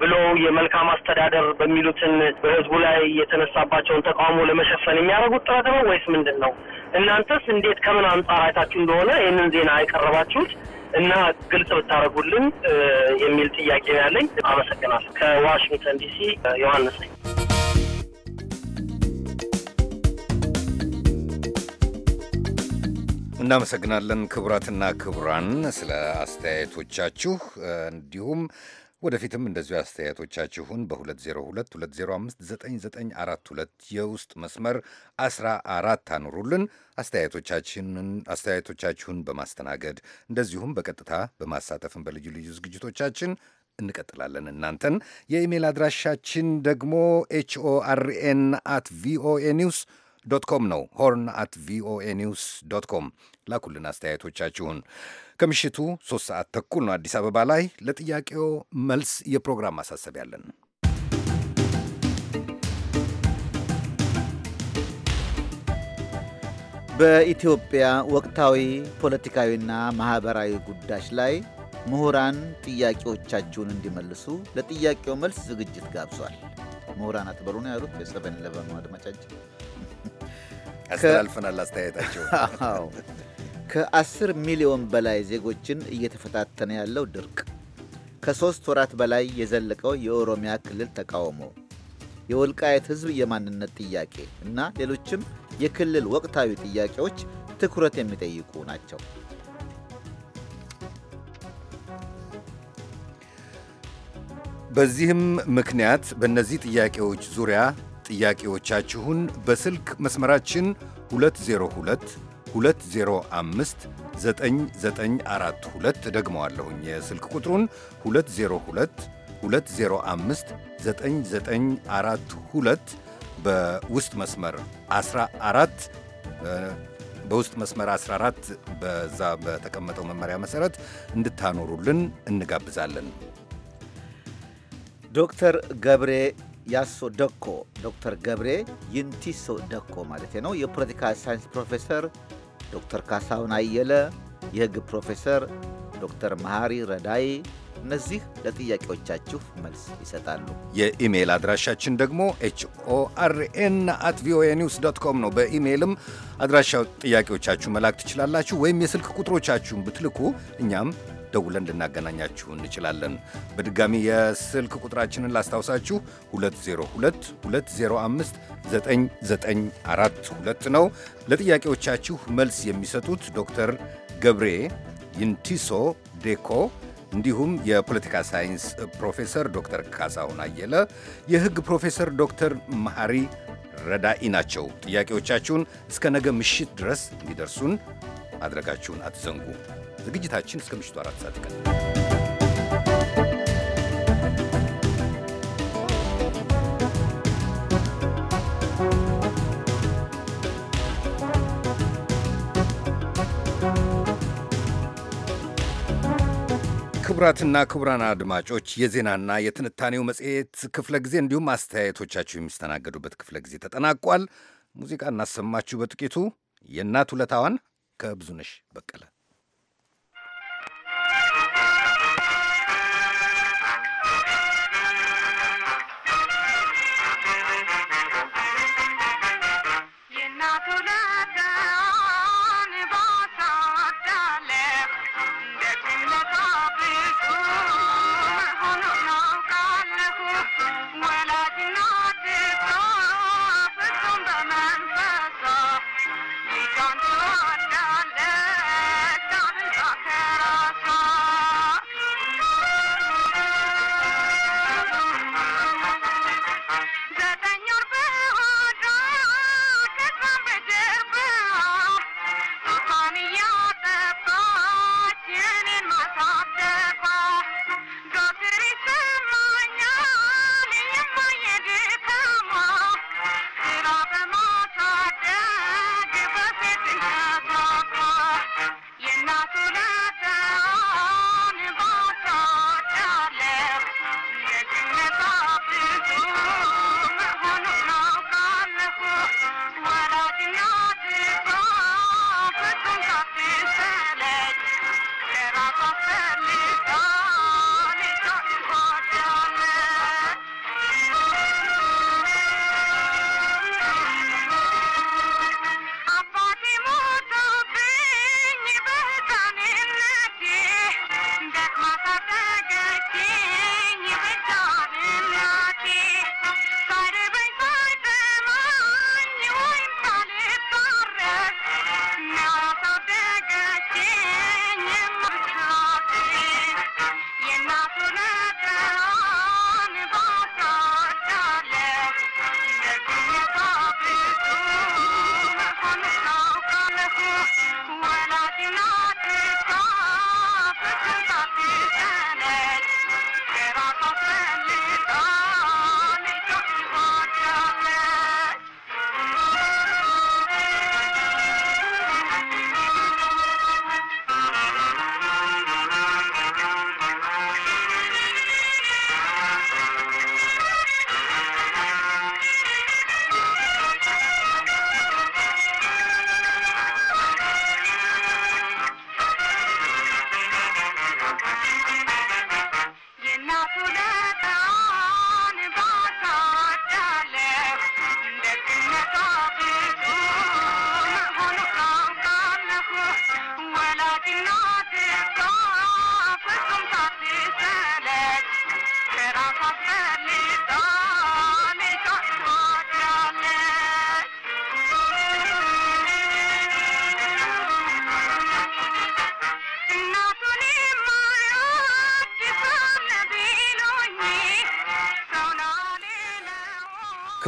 ብሎ የመልካም አስተዳደር በሚሉትን በህዝቡ ላይ የተነሳባቸውን ተቃውሞ ለመሸፈን የሚያደርጉት ጥረት ነው ወይስ ምንድን ነው? እናንተስ እንዴት ከምን አንጻር አይታችሁ እንደሆነ ይህንን ዜና አይቀረባችሁት እና ግልጽ ብታደርጉልን የሚል ጥያቄ ያለኝ። አመሰግናለሁ። ከዋሽንግተን ዲሲ ዮሐንስ ነኝ። እናመሰግናለን ክቡራትና ክቡራን ስለ አስተያየቶቻችሁ እንዲሁም ወደፊትም እንደዚሁ አስተያየቶቻችሁን በ2022059942 የውስጥ መስመር 14 አኑሩልን። አስተያየቶቻችሁን በማስተናገድ እንደዚሁም በቀጥታ በማሳተፍን በልዩ ልዩ ዝግጅቶቻችን እንቀጥላለን። እናንተን የኢሜል አድራሻችን ደግሞ ኤችኦአርኤን አት ቪኦኤ ኒውስ ዶት ኮም ነው። ሆርን አት ቪኦኤ ኒውስ ዶት ኮም ላኩልን አስተያየቶቻችሁን። ከምሽቱ ሶስት ሰዓት ተኩል ነው አዲስ አበባ ላይ። ለጥያቄው መልስ የፕሮግራም ማሳሰብ ያለን በኢትዮጵያ ወቅታዊ ፖለቲካዊና ማኅበራዊ ጉዳዮች ላይ ምሁራን ጥያቄዎቻችሁን እንዲመልሱ ለጥያቄው መልስ ዝግጅት ጋብዟል። ምሁራን አትበሉ ነው ያሉት የሰበን ለበኑ አድማጫችን ያስተላልፈናል አስተያየታቸው። ከአስር ሚሊዮን በላይ ዜጎችን እየተፈታተነ ያለው ድርቅ፣ ከሦስት ወራት በላይ የዘለቀው የኦሮሚያ ክልል ተቃውሞ፣ የወልቃየት ሕዝብ የማንነት ጥያቄ እና ሌሎችም የክልል ወቅታዊ ጥያቄዎች ትኩረት የሚጠይቁ ናቸው። በዚህም ምክንያት በእነዚህ ጥያቄዎች ዙሪያ ጥያቄዎቻችሁን በስልክ መስመራችን 202 205 9942 ደግመዋለሁኝ። የስልክ ቁጥሩን 202 205 9942 በውስጥ መስመር 14 በውስጥ መስመር 14 በዛ በተቀመጠው መመሪያ መሰረት እንድታኖሩልን እንጋብዛለን። ዶክተር ገብሬ ያሶ ደኮ ዶክተር ገብሬ ይንቲሶ ደኮ ማለት ነው። የፖለቲካ ሳይንስ ፕሮፌሰር ዶክተር ካሳሁን አየለ፣ የህግ ፕሮፌሰር ዶክተር መሐሪ ረዳይ እነዚህ ለጥያቄዎቻችሁ መልስ ይሰጣሉ። የኢሜይል አድራሻችን ደግሞ ኤች ኦ አር ኤን አት ቪኦኤ ኒውስ ዶት ኮም ነው። በኢሜይልም አድራሻ ጥያቄዎቻችሁ መላክ ትችላላችሁ። ወይም የስልክ ቁጥሮቻችሁን ብትልኩ እኛም ደውለን ልናገናኛችሁ እንችላለን። በድጋሚ የስልክ ቁጥራችንን ላስታውሳችሁ 2022059942 ነው። ለጥያቄዎቻችሁ መልስ የሚሰጡት ዶክተር ገብሬ ይንቲሶ ዴኮ እንዲሁም የፖለቲካ ሳይንስ ፕሮፌሰር ዶክተር ካሳሁን አየለ፣ የሕግ ፕሮፌሰር ዶክተር መሐሪ ረዳኢ ናቸው። ጥያቄዎቻችሁን እስከ ነገ ምሽት ድረስ እንዲደርሱን ማድረጋችሁን አትዘንጉ። ዝግጅታችን እስከ ምሽቱ አራት ሰዓት ይቀጥላል። ክቡራትና ክቡራን አድማጮች የዜናና የትንታኔው መጽሔት ክፍለ ጊዜ እንዲሁም አስተያየቶቻችሁ የሚስተናገዱበት ክፍለ ጊዜ ተጠናቋል። ሙዚቃ እናሰማችሁ በጥቂቱ የእናት ውለታዋን ከብዙነሽ በቀለ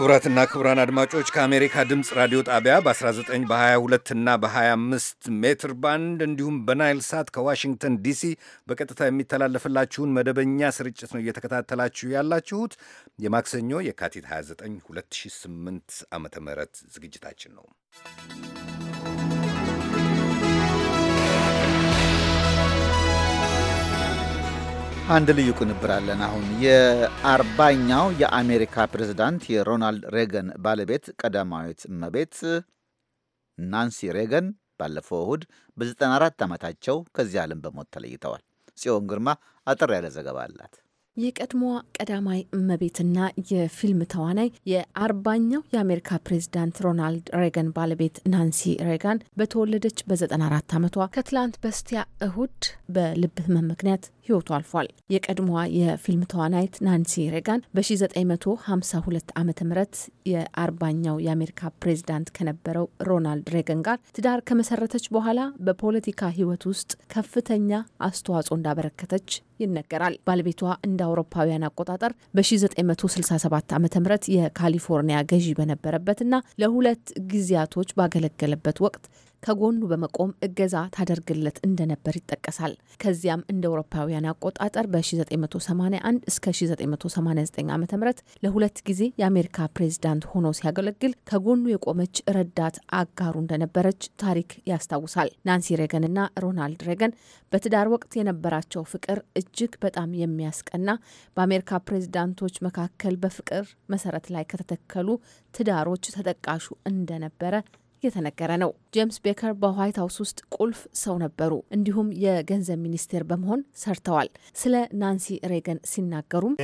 ክቡራትና ክቡራን አድማጮች ከአሜሪካ ድምፅ ራዲዮ ጣቢያ በ19 በ22 እና በ25 ሜትር ባንድ እንዲሁም በናይል ሳት ከዋሽንግተን ዲሲ በቀጥታ የሚተላለፍላችሁን መደበኛ ስርጭት ነው እየተከታተላችሁ ያላችሁት። የማክሰኞ የካቲት 29 2008 ዓ ም ዝግጅታችን ነው። አንድ ልዩ ቅንብር አለን። አሁን የአርባኛው የአሜሪካ ፕሬዝዳንት የሮናልድ ሬገን ባለቤት ቀዳማዊት እመቤት ናንሲ ሬገን ባለፈው እሁድ በ94 ዓመታቸው ከዚህ ዓለም በሞት ተለይተዋል። ጽዮን ግርማ አጠር ያለ ዘገባ አላት። የቀድሞዋ ቀዳማይ እመቤትና የፊልም ተዋናይ የአርባኛው የአሜሪካ ፕሬዚዳንት ሮናልድ ሬገን ባለቤት ናንሲ ሬጋን በተወለደች በ94 ዓመቷ ከትላንት በስቲያ እሁድ በልብ ህመም ምክንያት ህይወቱ አልፏል። የቀድሞዋ የፊልም ተዋናይት ናንሲ ሬጋን በ1952 ዓ ም የአርባኛው የአሜሪካ ፕሬዚዳንት ከነበረው ሮናልድ ሬገን ጋር ትዳር ከመሰረተች በኋላ በፖለቲካ ህይወት ውስጥ ከፍተኛ አስተዋጽኦ እንዳበረከተች ይነገራል። ባለቤቷ እንደ አውሮፓውያን አቆጣጠር በ1967 ዓ ም የካሊፎርኒያ ገዢ በነበረበትና ለሁለት ጊዜያቶች ባገለገለበት ወቅት ከጎኑ በመቆም እገዛ ታደርግለት እንደነበር ይጠቀሳል። ከዚያም እንደ አውሮፓውያን አቆጣጠር በ1981 እስከ 1989 ዓ ም ለሁለት ጊዜ የአሜሪካ ፕሬዚዳንት ሆኖ ሲያገለግል ከጎኑ የቆመች ረዳት አጋሩ እንደነበረች ታሪክ ያስታውሳል። ናንሲ ሬገን እና ሮናልድ ሬገን በትዳር ወቅት የነበራቸው ፍቅር እጅግ በጣም የሚያስቀና በአሜሪካ ፕሬዚዳንቶች መካከል በፍቅር መሰረት ላይ ከተተከሉ ትዳሮች ተጠቃሹ እንደነበረ የተነገረ ነው። ጄምስ ቤከር በዋይት ሀውስ ውስጥ ቁልፍ ሰው ነበሩ። እንዲሁም የገንዘብ ሚኒስቴር በመሆን ሰርተዋል። ስለ ናንሲ ሬገን ሲናገሩም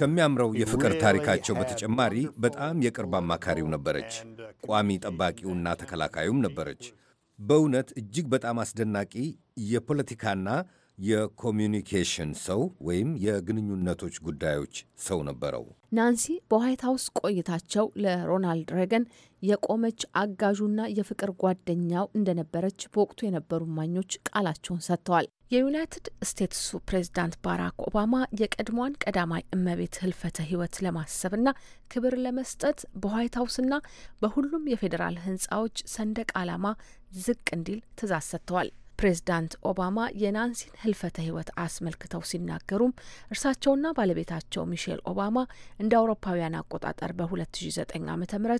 ከሚያምረው የፍቅር ታሪካቸው በተጨማሪ በጣም የቅርብ አማካሪው ነበረች። uh, ቋሚ ጠባቂውና ተከላካዩም ነበረች። በእውነት እጅግ በጣም አስደናቂ የፖለቲካና የኮሚዩኒኬሽን ሰው ወይም የግንኙነቶች ጉዳዮች ሰው ነበረው። ናንሲ በዋይት ሀውስ ቆይታቸው ለሮናልድ ሬገን የቆመች አጋዡና የፍቅር ጓደኛው እንደነበረች በወቅቱ የነበሩ እማኞች ቃላቸውን ሰጥተዋል። የዩናይትድ ስቴትሱ ፕሬዚዳንት ባራክ ኦባማ የቀድሞዋን ቀዳማይ እመቤት ህልፈተ ህይወት ለማሰብና ክብር ለመስጠት በዋይት ሀውስና በሁሉም የፌዴራል ህንፃዎች ሰንደቅ ዓላማ ዝቅ እንዲል ትእዛዝ ሰጥተዋል። ፕሬዚዳንት ኦባማ የናንሲን ህልፈተ ህይወት አስመልክተው ሲናገሩም እርሳቸውና ባለቤታቸው ሚሼል ኦባማ እንደ አውሮፓውያን አቆጣጠር በ2009 ዓ ም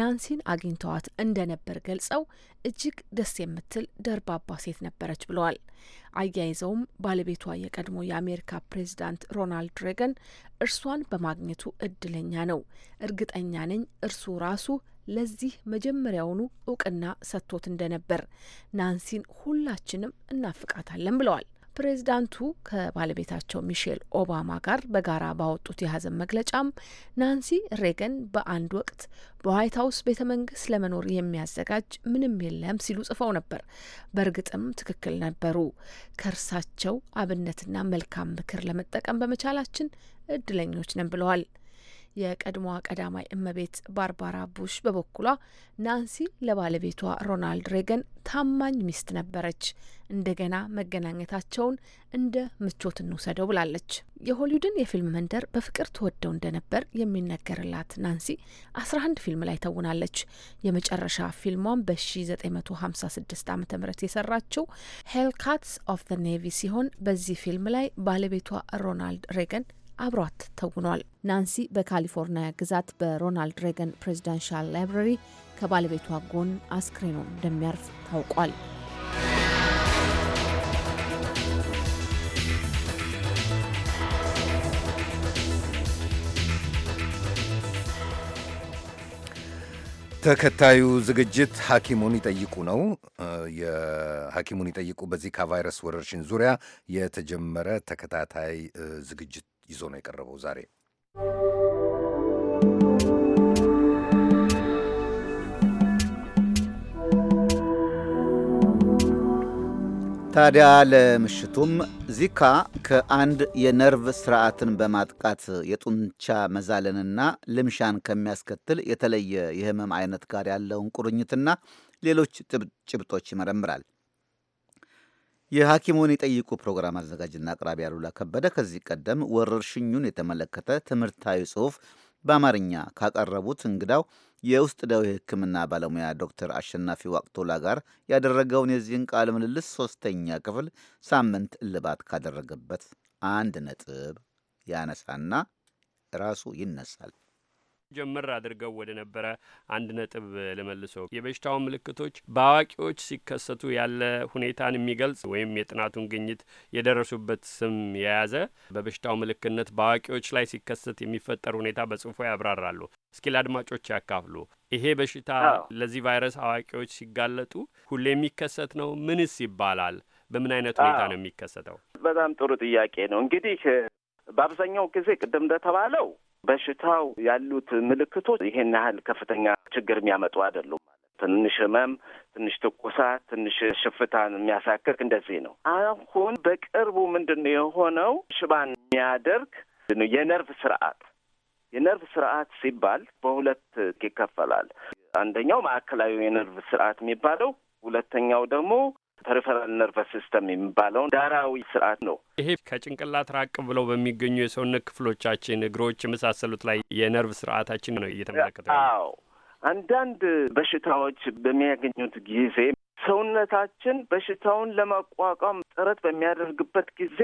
ናንሲን አግኝተዋት እንደነበር ገልጸው እጅግ ደስ የምትል ደርባባ ሴት ነበረች ብለዋል። አያይዘውም ባለቤቷ የቀድሞ የአሜሪካ ፕሬዚዳንት ሮናልድ ሬገን እርሷን በማግኘቱ እድለኛ ነው። እርግጠኛ ነኝ እርሱ ራሱ ለዚህ መጀመሪያውኑ እውቅና ሰጥቶት እንደነበር። ናንሲን ሁላችንም እናፍቃታለን ብለዋል። ፕሬዚዳንቱ ከባለቤታቸው ሚሼል ኦባማ ጋር በጋራ ባወጡት የሀዘን መግለጫም ናንሲ ሬገን በአንድ ወቅት በዋይት ሀውስ ቤተ መንግስት ለመኖር የሚያዘጋጅ ምንም የለም ሲሉ ጽፈው ነበር። በእርግጥም ትክክል ነበሩ። ከእርሳቸው አብነትና መልካም ምክር ለመጠቀም በመቻላችን እድለኞች ነን ብለዋል። የቀድሞዋ ቀዳማይ እመቤት ባርባራ ቡሽ በበኩሏ ናንሲ ለባለቤቷ ሮናልድ ሬገን ታማኝ ሚስት ነበረች፣ እንደገና መገናኘታቸውን እንደ ምቾት እንውሰደው ብላለች። የሆሊውድን የፊልም መንደር በፍቅር ተወደው እንደነበር የሚነገርላት ናንሲ 11 ፊልም ላይ ተውናለች። የመጨረሻ ፊልሟን በ1956 ዓ ም የሰራችው ሄልካትስ ኦፍ ዘ ኔቪ ሲሆን በዚህ ፊልም ላይ ባለቤቷ ሮናልድ ሬገን አብሯት ተውኗል። ናንሲ በካሊፎርኒያ ግዛት በሮናልድ ሬገን ፕሬዚዳንሻል ላይብራሪ ከባለቤቷ ጎን አስክሬኑ እንደሚያርፍ ታውቋል። ተከታዩ ዝግጅት ሐኪሙን ይጠይቁ ነው። የሐኪሙን ይጠይቁ በዚካ ቫይረስ ወረርሽኝ ዙሪያ የተጀመረ ተከታታይ ዝግጅት ይዞ ነው የቀረበው ዛሬ። ታዲያ ለምሽቱም ዚካ ከአንድ የነርቭ ስርዓትን በማጥቃት የጡንቻ መዛለንና ልምሻን ከሚያስከትል የተለየ የህመም አይነት ጋር ያለውን ቁርኝትና ሌሎች ጭብጦች ይመረምራል። የሐኪሙን የጠይቁ ፕሮግራም አዘጋጅና አቅራቢ አሉላ ከበደ ከዚህ ቀደም ወረርሽኙን የተመለከተ ትምህርታዊ ጽሑፍ በአማርኛ ካቀረቡት እንግዳው የውስጥ ደዌ ሕክምና ባለሙያ ዶክተር አሸናፊ ዋቅቶላ ጋር ያደረገውን የዚህን ቃለ ምልልስ ሶስተኛ ክፍል ሳምንት እልባት ካደረገበት አንድ ነጥብ ያነሳና ራሱ ይነሳል። ጀምር አድርገው ወደ ነበረ አንድ ነጥብ ልመልሶ የበሽታውን ምልክቶች በአዋቂዎች ሲከሰቱ ያለ ሁኔታን የሚገልጽ ወይም የጥናቱን ግኝት የደረሱበት ስም የያዘ በበሽታው ምልክነት በአዋቂዎች ላይ ሲከሰት የሚፈጠር ሁኔታ በጽሁፎ ያብራራሉ። እስኪ ለአድማጮች ያካፍሉ። ይሄ በሽታ ለዚህ ቫይረስ አዋቂዎች ሲጋለጡ ሁሌ የሚከሰት ነው? ምንስ ይባላል? በምን አይነት ሁኔታ ነው የሚከሰተው? በጣም ጥሩ ጥያቄ ነው። እንግዲህ በአብዛኛው ጊዜ ቅድም እንደተባለው በሽታው ያሉት ምልክቶች ይሄን ያህል ከፍተኛ ችግር የሚያመጡ አይደሉም። ትንሽ ህመም፣ ትንሽ ትኩሳት፣ ትንሽ ሽፍታን የሚያሳክክ እንደዚህ ነው። አሁን በቅርቡ ምንድን ነው የሆነው? ሽባን የሚያደርግ የነርቭ ስርዓት የነርቭ ስርዓት ሲባል በሁለት ይከፈላል። አንደኛው ማዕከላዊ የነርቭ ስርዓት የሚባለው ሁለተኛው ደግሞ ፐሪፈራል ነርቨስ ሲስተም የሚባለውን ዳራዊ ስርዓት ነው። ይሄ ከጭንቅላት ራቅ ብለው በሚገኙ የሰውነት ክፍሎቻችን፣ እግሮች የመሳሰሉት ላይ የነርቭ ስርዓታችን ነው እየተመለከተ አዎ አንዳንድ በሽታዎች በሚያገኙት ጊዜ ሰውነታችን በሽታውን ለመቋቋም ጥረት በሚያደርግበት ጊዜ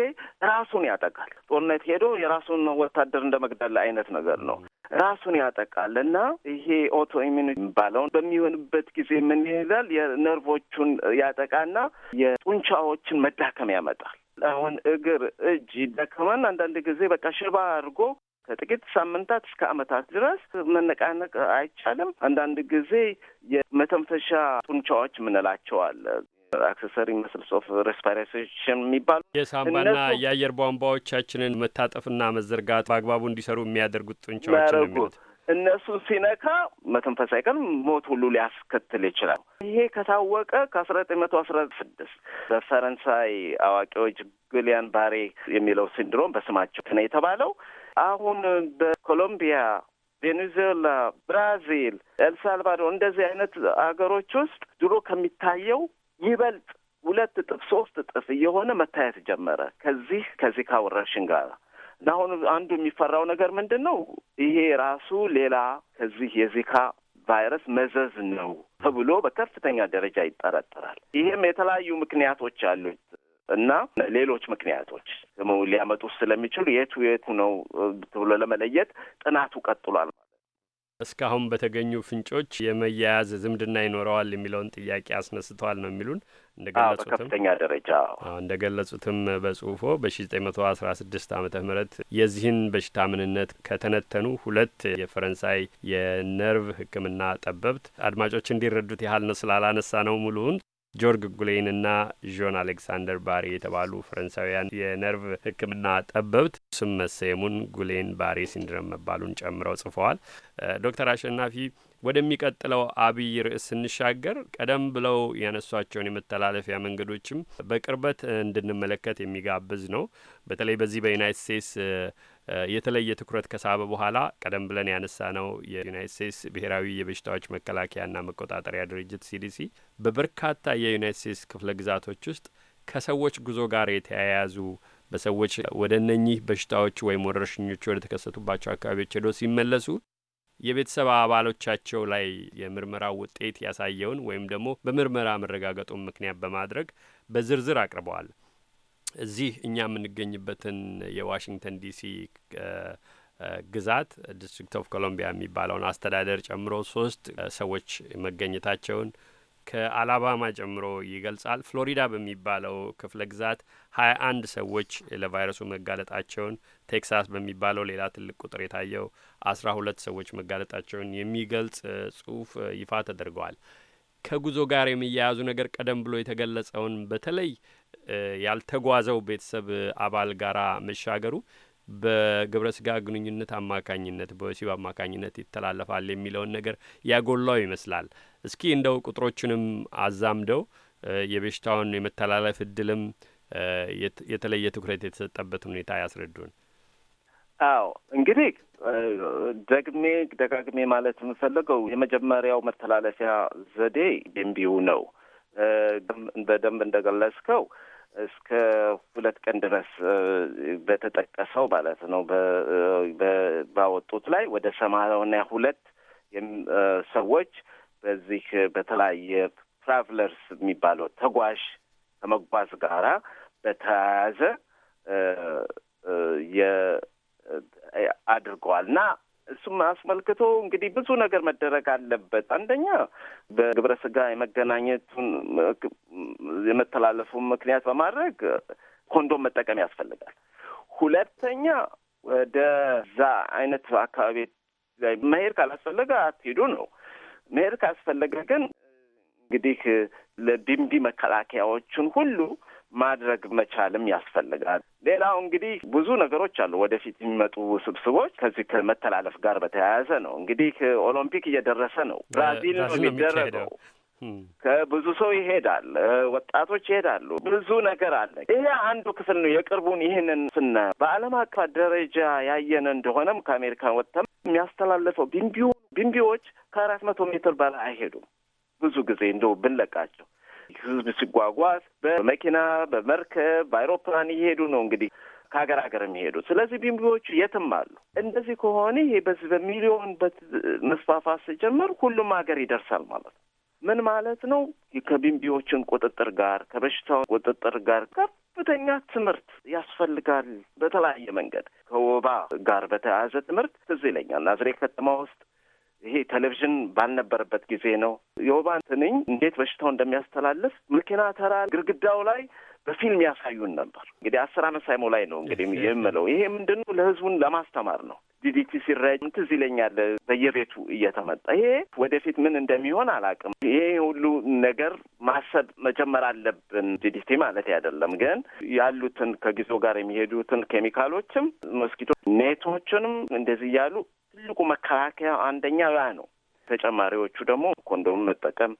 ራሱን ያጠቃል። ጦርነት ሄዶ የራሱን ወታደር እንደ መግደል አይነት ነገር ነው። ራሱን ያጠቃል እና ይሄ ኦቶ ኢሚኒ የሚባለውን በሚሆንበት ጊዜ ምን ይላል? የነርቮቹን ያጠቃና የጡንቻዎችን መዳከም ያመጣል። አሁን እግር፣ እጅ ይደከማል። አንዳንድ ጊዜ በቃ ሽባ አድርጎ ከጥቂት ሳምንታት እስከ ዓመታት ድረስ መነቃነቅ አይቻልም። አንዳንድ ጊዜ የመተንፈሻ ጡንቻዎች ምንላቸዋል አክሰሰሪ መስልስ ኦፍ ሬስፓይሬሽን የሚባሉ የሳምባና የአየር ቧንቧዎቻችንን መታጠፍና መዘርጋት በአግባቡ እንዲሰሩ የሚያደርጉት ጡንቻዎች ነው። የሚሉት እነሱን ሲነካ መተንፈስ አይቀርም፣ ሞት ሁሉ ሊያስከትል ይችላል። ይሄ ከታወቀ ከአስራ ዘጠኝ መቶ አስራ ስድስት በፈረንሳይ አዋቂዎች ግሊያን ባሬ የሚለው ሲንድሮም በስማቸው ነው የተባለው አሁን በኮሎምቢያ፣ ቬኔዙዌላ፣ ብራዚል፣ ኤልሳልቫዶር እንደዚህ አይነት አገሮች ውስጥ ድሮ ከሚታየው ይበልጥ ሁለት እጥፍ ሶስት እጥፍ እየሆነ መታየት ጀመረ ከዚህ ከዚህ ወረርሽኝ ጋር እና አሁን አንዱ የሚፈራው ነገር ምንድን ነው? ይሄ ራሱ ሌላ ከዚህ የዚካ ቫይረስ መዘዝ ነው ተብሎ በከፍተኛ ደረጃ ይጠረጠራል። ይህም የተለያዩ ምክንያቶች አሉት። እና ሌሎች ምክንያቶች ሊያመጡ ስለሚችሉ የቱ የቱ ነው ብሎ ለመለየት ጥናቱ ቀጥሏል። እስካሁን በተገኙ ፍንጮች የመያያዝ ዝምድና ይኖረዋል የሚለውን ጥያቄ አስነስተዋል ነው የሚሉን። እንደገለጹትም በከፍተኛ ደረጃ እንደገለጹትም በጽሁፎ በ1916 ዓመተ ምህረት የዚህን በሽታ ምንነት ከተነተኑ ሁለት የፈረንሳይ የነርቭ ሕክምና ጠበብት አድማጮች እንዲረዱት ያህል ነው ስላላነሳ ነው ሙሉውን ጆርግ እና ዦን አሌክሳንደር ባሬ የተባሉ ፈረንሳውያን የነርቭ ሕክምና ጠበብት ስም መሰየሙን ጉሌን ባሬ ሲንድረም መባሉን ጨምረው ጽፈዋል። ዶክተር አሸናፊ ወደሚቀጥለው አብይ ርዕስ ስንሻገር ቀደም ብለው ያነሷቸውን የመተላለፊያ መንገዶችም በቅርበት እንድንመለከት የሚጋብዝ ነው። በተለይ በዚህ በዩናይት ስቴትስ የተለየ ትኩረት ከሳበ በኋላ ቀደም ብለን ያነሳ ነው የዩናይት ስቴትስ ብሔራዊ የበሽታዎች መከላከያና መቆጣጠሪያ ድርጅት ሲዲሲ በበርካታ የዩናይት ስቴትስ ክፍለ ግዛቶች ውስጥ ከሰዎች ጉዞ ጋር የተያያዙ በሰዎች ወደ እነኚህ በሽታዎች ወይም ወረርሽኞች ወደ ተከሰቱባቸው አካባቢዎች ሄዶ ሲመለሱ የቤተሰብ አባሎቻቸው ላይ የምርመራ ውጤት ያሳየውን ወይም ደግሞ በምርመራ መረጋገጡን ምክንያት በማድረግ በዝርዝር አቅርበዋል። እዚህ እኛ የምንገኝበትን የዋሽንግተን ዲሲ ግዛት ዲስትሪክት ኦፍ ኮሎምቢያ የሚባለውን አስተዳደር ጨምሮ ሶስት ሰዎች መገኘታቸውን ከአላባማ ጨምሮ ይገልጻል። ፍሎሪዳ በሚባለው ክፍለ ግዛት ሀያ አንድ ሰዎች ለቫይረሱ መጋለጣቸውን፣ ቴክሳስ በሚባለው ሌላ ትልቅ ቁጥር የታየው አስራ ሁለት ሰዎች መጋለጣቸውን የሚገልጽ ጽሁፍ ይፋ ተደርገዋል። ከጉዞ ጋር የሚያያዙ ነገር ቀደም ብሎ የተገለጸውን በተለይ ያልተጓዘው ቤተሰብ አባል ጋራ መሻገሩ በግብረ ስጋ ግንኙነት አማካኝነት በወሲብ አማካኝነት ይተላለፋል የሚለውን ነገር ያጎላው ይመስላል። እስኪ እንደው ቁጥሮቹንም አዛምደው የበሽታውን የመተላለፍ እድልም የተለየ ትኩረት የተሰጠበት ሁኔታ ያስረዱን። አዎ እንግዲህ ደግሜ ደጋግሜ ማለት የምፈልገው የመጀመሪያው መተላለፊያ ዘዴ ደንቢው ነው። በደንብ እንደገለጽከው እስከ ሁለት ቀን ድረስ በተጠቀሰው ማለት ነው ባወጡት ላይ ወደ ሰማንያ ሁለት ሰዎች በዚህ በተለያየ ትራቭለርስ የሚባለው ተጓዥ ከመጓዝ ጋራ በተያያዘ አድርገዋል እና እሱም አስመልክቶ እንግዲህ ብዙ ነገር መደረግ አለበት። አንደኛ በግብረ ስጋ የመገናኘቱን የመተላለፉን ምክንያት በማድረግ ኮንዶም መጠቀም ያስፈልጋል። ሁለተኛ ወደዛ አይነት አካባቢ ላይ መሄድ ካላስፈለገ አትሄዱ ነው። መሄድ ካስፈለገ ግን እንግዲህ ለቢምቢ መከላከያዎችን ሁሉ ማድረግ መቻልም ያስፈልጋል። ሌላው እንግዲህ ብዙ ነገሮች አሉ ወደፊት የሚመጡ ስብስቦች ከዚህ ከመተላለፍ ጋር በተያያዘ ነው። እንግዲህ ኦሎምፒክ እየደረሰ ነው። ብራዚል ነው የሚደረገው። ከብዙ ሰው ይሄዳል፣ ወጣቶች ይሄዳሉ። ብዙ ነገር አለ። ይሄ አንዱ ክፍል ነው። የቅርቡን ይህንን ስነ በዓለም አቀፍ ደረጃ ያየን እንደሆነም ከአሜሪካ ወጥተም የሚያስተላልፈው ቢንቢዎች ከአራት መቶ ሜትር በላይ አይሄዱም። ብዙ ጊዜ እንደው ብንለቃቸው ህዝብ ሲጓጓዝ በመኪና በመርከብ በአይሮፕላን እየሄዱ ነው እንግዲህ ከሀገር ሀገር የሚሄዱ ስለዚህ ቢምቢዎቹ የትም አሉ። እንደዚህ ከሆነ ይሄ በዚህ በሚሊዮን መስፋፋት ሲጀመር ሁሉም ሀገር ይደርሳል ማለት ነው። ምን ማለት ነው? ከቢምቢዎችን ቁጥጥር ጋር ከበሽታውን ቁጥጥር ጋር ከፍተኛ ትምህርት ያስፈልጋል። በተለያየ መንገድ ከወባ ጋር በተያያዘ ትምህርት ትዝ ይለኛል ናዝሬት ከተማ ውስጥ ይሄ ቴሌቪዥን ባልነበረበት ጊዜ ነው። የወባ ትንኝ እንዴት በሽታው እንደሚያስተላልፍ መኪና ተራ ግድግዳው ላይ በፊልም ያሳዩን ነበር። እንግዲህ አስር አመት ሳይሞ ላይ ነው እንግዲህ የምለው ይሄ ምንድን ነው ለህዝቡን ለማስተማር ነው። ዲዲቲ ሲረጭ ትዝ ይለኛል በየቤቱ እየተመጣ ይሄ ወደፊት ምን እንደሚሆን አላውቅም። ይሄ ሁሉ ነገር ማሰብ መጀመር አለብን። ዲዲቲ ማለት አይደለም ግን ያሉትን ከጊዜው ጋር የሚሄዱትን ኬሚካሎችም፣ ሞስኪቶ ኔቶችንም እንደዚህ እያሉ ትልቁ መከላከያ አንደኛ ያ ነው። ተጨማሪዎቹ ደግሞ ኮንዶም መጠቀም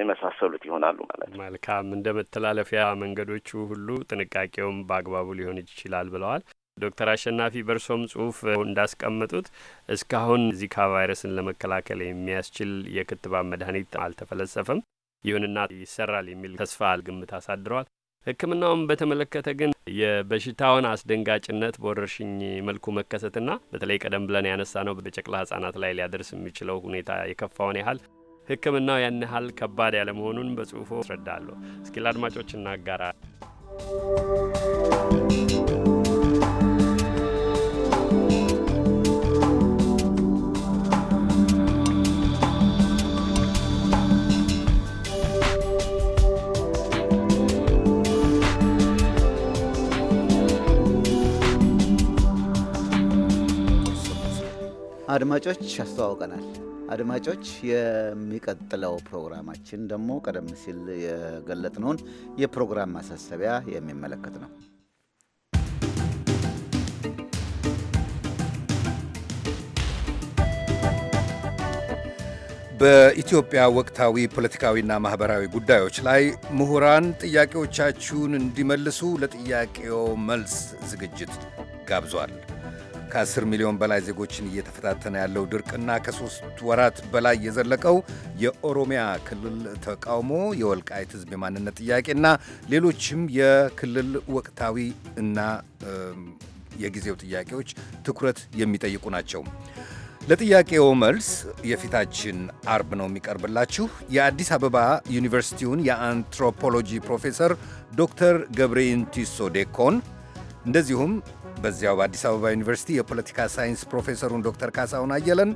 የመሳሰሉት ይሆናሉ ማለት ነው። መልካም እንደ መተላለፊያ መንገዶቹ ሁሉ ጥንቃቄውም በአግባቡ ሊሆን ይችላል ብለዋል ዶክተር አሸናፊ በእርሶም ጽሁፍ እንዳስቀመጡት እስካሁን ዚካ ቫይረስን ለመከላከል የሚያስችል የክትባት መድኃኒት አልተፈለሰፈም። ይሁንና ይሰራል የሚል ተስፋ ግምት አሳድረዋል። ሕክምናውን በተመለከተ ግን የበሽታውን አስደንጋጭነት በወረርሽኝ መልኩ መከሰትና በተለይ ቀደም ብለን ያነሳ ነው በጨቅላ ህጻናት ላይ ሊያደርስ የሚችለው ሁኔታ የከፋውን ያህል ሕክምናው ያን ያህል ከባድ ያለመሆኑን በጽሁፎ አስረዳለሁ። እስኪ ለአድማጮች እናጋራ። አድማጮች ያስተዋውቀናል። አድማጮች የሚቀጥለው ፕሮግራማችን ደግሞ ቀደም ሲል የገለጥነውን የፕሮግራም ማሳሰቢያ የሚመለከት ነው። በኢትዮጵያ ወቅታዊ ፖለቲካዊና ማኅበራዊ ጉዳዮች ላይ ምሁራን ጥያቄዎቻችሁን እንዲመልሱ ለጥያቄው መልስ ዝግጅት ጋብዟል። ከ10 ሚሊዮን በላይ ዜጎችን እየተፈታተነ ያለው ድርቅና ከሶስት ወራት በላይ የዘለቀው የኦሮሚያ ክልል ተቃውሞ፣ የወልቃይት ሕዝብ የማንነት ጥያቄና ሌሎችም የክልል ወቅታዊ እና የጊዜው ጥያቄዎች ትኩረት የሚጠይቁ ናቸው። ለጥያቄው መልስ የፊታችን አርብ ነው የሚቀርብላችሁ። የአዲስ አበባ ዩኒቨርሲቲውን የአንትሮፖሎጂ ፕሮፌሰር ዶክተር ገብሬ ይንቲሶ ዴኮን እንደዚሁም በዚያው በአዲስ አበባ ዩኒቨርሲቲ የፖለቲካ ሳይንስ ፕሮፌሰሩን ዶክተር ካሳሁን አየለን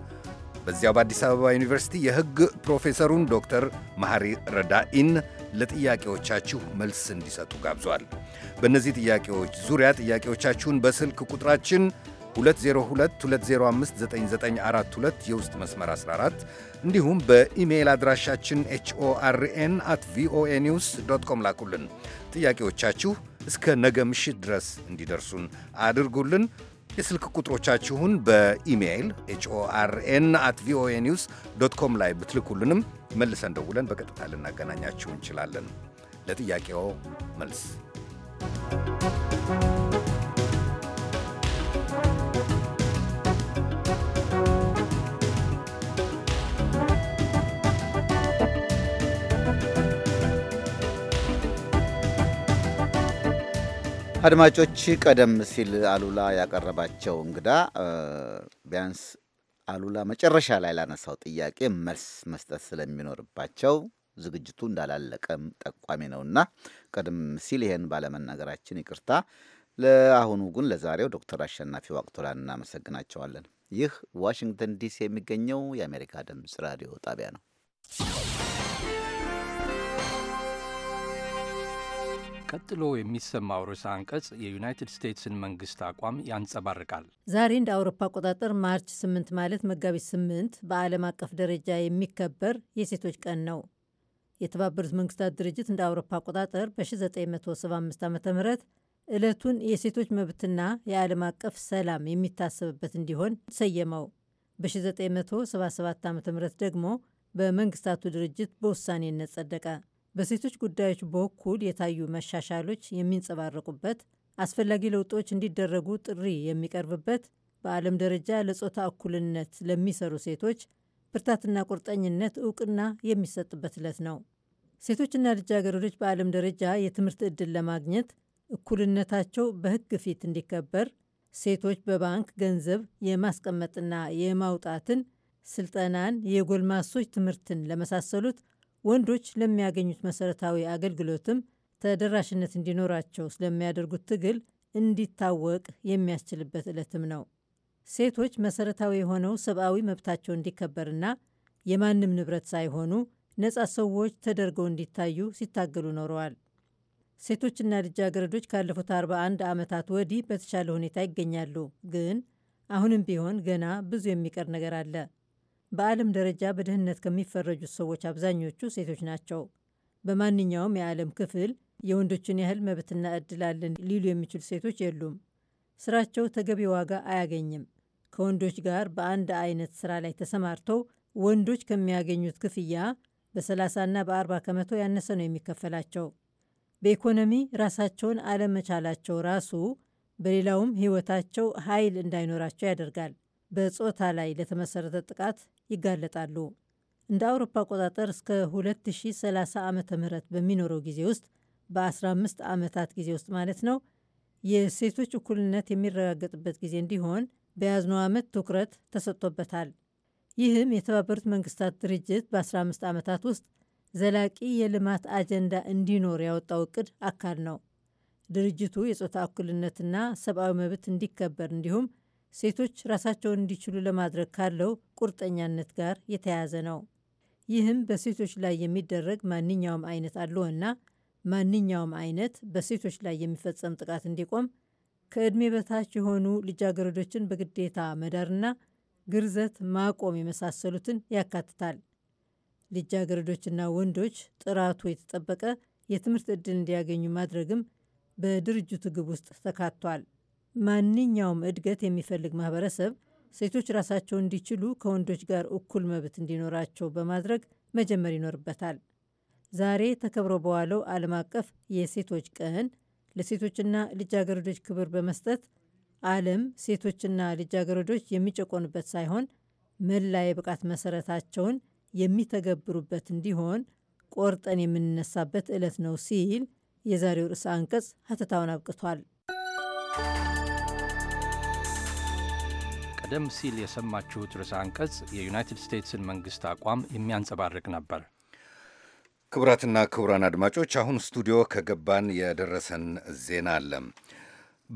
በዚያው በአዲስ አበባ ዩኒቨርሲቲ የሕግ ፕሮፌሰሩን ዶክተር መሐሪ ረዳኢን ለጥያቄዎቻችሁ መልስ እንዲሰጡ ጋብዟል። በእነዚህ ጥያቄዎች ዙሪያ ጥያቄዎቻችሁን በስልክ ቁጥራችን 2022059942 የውስጥ መስመር 14 እንዲሁም በኢሜይል አድራሻችን ኤችኦአርኤን አት ቪኦኤ ኒውስ ዶት ኮም ላኩልን። ጥያቄዎቻችሁ እስከ ነገ ምሽት ድረስ እንዲደርሱን አድርጉልን። የስልክ ቁጥሮቻችሁን በኢሜይል ኤችኦአርኤን አት ቪኦኤ ኒውስ ዶት ኮም ላይ ብትልኩልንም መልሰን ደውለን በቀጥታ ልናገናኛችሁ እንችላለን። ለጥያቄው መልስ አድማጮች ቀደም ሲል አሉላ ያቀረባቸው እንግዳ ቢያንስ አሉላ መጨረሻ ላይ ላነሳው ጥያቄ መልስ መስጠት ስለሚኖርባቸው ዝግጅቱ እንዳላለቀም ጠቋሚ ነውና ቀደም ሲል ይሄን ባለመናገራችን ይቅርታ። ለአሁኑ ግን ለዛሬው ዶክተር አሸናፊ ዋቅቶላን እናመሰግናቸዋለን። ይህ ዋሽንግተን ዲሲ የሚገኘው የአሜሪካ ድምፅ ራዲዮ ጣቢያ ነው። ቀጥሎ የሚሰማው ርዕሰ አንቀጽ የዩናይትድ ስቴትስን መንግስት አቋም ያንጸባርቃል። ዛሬ እንደ አውሮፓ አቆጣጠር ማርች 8 ማለት መጋቢት 8 በዓለም አቀፍ ደረጃ የሚከበር የሴቶች ቀን ነው። የተባበሩት መንግስታት ድርጅት እንደ አውሮፓ አቆጣጠር በ1975 ዓ ም ዕለቱን የሴቶች መብትና የዓለም አቀፍ ሰላም የሚታሰብበት እንዲሆን ሰየመው። በ1977 ዓ ም ደግሞ በመንግስታቱ ድርጅት በውሳኔነት ጸደቀ። በሴቶች ጉዳዮች በኩል የታዩ መሻሻሎች የሚንጸባረቁበት፣ አስፈላጊ ለውጦች እንዲደረጉ ጥሪ የሚቀርብበት፣ በዓለም ደረጃ ለጾታ እኩልነት ለሚሰሩ ሴቶች ብርታትና ቁርጠኝነት እውቅና የሚሰጥበት ዕለት ነው። ሴቶችና ልጃገረዶች በዓለም ደረጃ የትምህርት ዕድል ለማግኘት እኩልነታቸው በሕግ ፊት እንዲከበር ሴቶች በባንክ ገንዘብ የማስቀመጥና የማውጣትን ስልጠናን፣ የጎልማሶች ትምህርትን ለመሳሰሉት ወንዶች ለሚያገኙት መሰረታዊ አገልግሎትም ተደራሽነት እንዲኖራቸው ስለሚያደርጉት ትግል እንዲታወቅ የሚያስችልበት ዕለትም ነው። ሴቶች መሰረታዊ የሆነው ሰብአዊ መብታቸው እንዲከበርና የማንም ንብረት ሳይሆኑ ነጻ ሰዎች ተደርገው እንዲታዩ ሲታገሉ ኖረዋል። ሴቶችና ልጃገረዶች ካለፉት 41 ዓመታት ወዲህ በተሻለ ሁኔታ ይገኛሉ። ግን አሁንም ቢሆን ገና ብዙ የሚቀር ነገር አለ። በዓለም ደረጃ በድህነት ከሚፈረጁት ሰዎች አብዛኞቹ ሴቶች ናቸው። በማንኛውም የዓለም ክፍል የወንዶችን ያህል መብትና እድል አለን ሊሉ የሚችሉ ሴቶች የሉም። ስራቸው ተገቢ ዋጋ አያገኝም። ከወንዶች ጋር በአንድ አይነት ስራ ላይ ተሰማርተው ወንዶች ከሚያገኙት ክፍያ በ30ና በ40 ከመቶ ያነሰ ነው የሚከፈላቸው። በኢኮኖሚ ራሳቸውን አለመቻላቸው ራሱ በሌላውም ህይወታቸው ኃይል እንዳይኖራቸው ያደርጋል። በጾታ ላይ ለተመሰረተ ጥቃት ይጋለጣሉ። እንደ አውሮፓ አቆጣጠር እስከ 2030 ዓ ም በሚኖረው ጊዜ ውስጥ በ15 ዓመታት ጊዜ ውስጥ ማለት ነው የሴቶች እኩልነት የሚረጋገጥበት ጊዜ እንዲሆን በያዝነው ዓመት ትኩረት ተሰጥቶበታል። ይህም የተባበሩት መንግስታት ድርጅት በ15 ዓመታት ውስጥ ዘላቂ የልማት አጀንዳ እንዲኖር ያወጣው እቅድ አካል ነው። ድርጅቱ የጾታ እኩልነትና ሰብአዊ መብት እንዲከበር እንዲሁም ሴቶች ራሳቸውን እንዲችሉ ለማድረግ ካለው ቁርጠኛነት ጋር የተያያዘ ነው። ይህም በሴቶች ላይ የሚደረግ ማንኛውም አይነት አለውና ማንኛውም አይነት በሴቶች ላይ የሚፈጸም ጥቃት እንዲቆም፣ ከዕድሜ በታች የሆኑ ልጃገረዶችን በግዴታ መዳርና ግርዘት ማቆም የመሳሰሉትን ያካትታል። ልጃገረዶችና ወንዶች ጥራቱ የተጠበቀ የትምህርት ዕድል እንዲያገኙ ማድረግም በድርጅቱ ግብ ውስጥ ተካቷል። ማንኛውም እድገት የሚፈልግ ማህበረሰብ ሴቶች ራሳቸው እንዲችሉ ከወንዶች ጋር እኩል መብት እንዲኖራቸው በማድረግ መጀመር ይኖርበታል። ዛሬ ተከብሮ በዋለው ዓለም አቀፍ የሴቶች ቀን ለሴቶችና ልጃገረዶች ክብር በመስጠት ዓለም ሴቶችና ልጃገረዶች የሚጨቆንበት ሳይሆን መላ የብቃት መሰረታቸውን የሚተገብሩበት እንዲሆን ቆርጠን የምንነሳበት ዕለት ነው ሲል የዛሬው ርዕሰ አንቀጽ ሀተታውን አብቅቷል። ቀደም ሲል የሰማችሁት ርዕሰ አንቀጽ የዩናይትድ ስቴትስን መንግሥት አቋም የሚያንጸባርቅ ነበር። ክቡራትና ክቡራን አድማጮች አሁን ስቱዲዮ ከገባን የደረሰን ዜና አለ።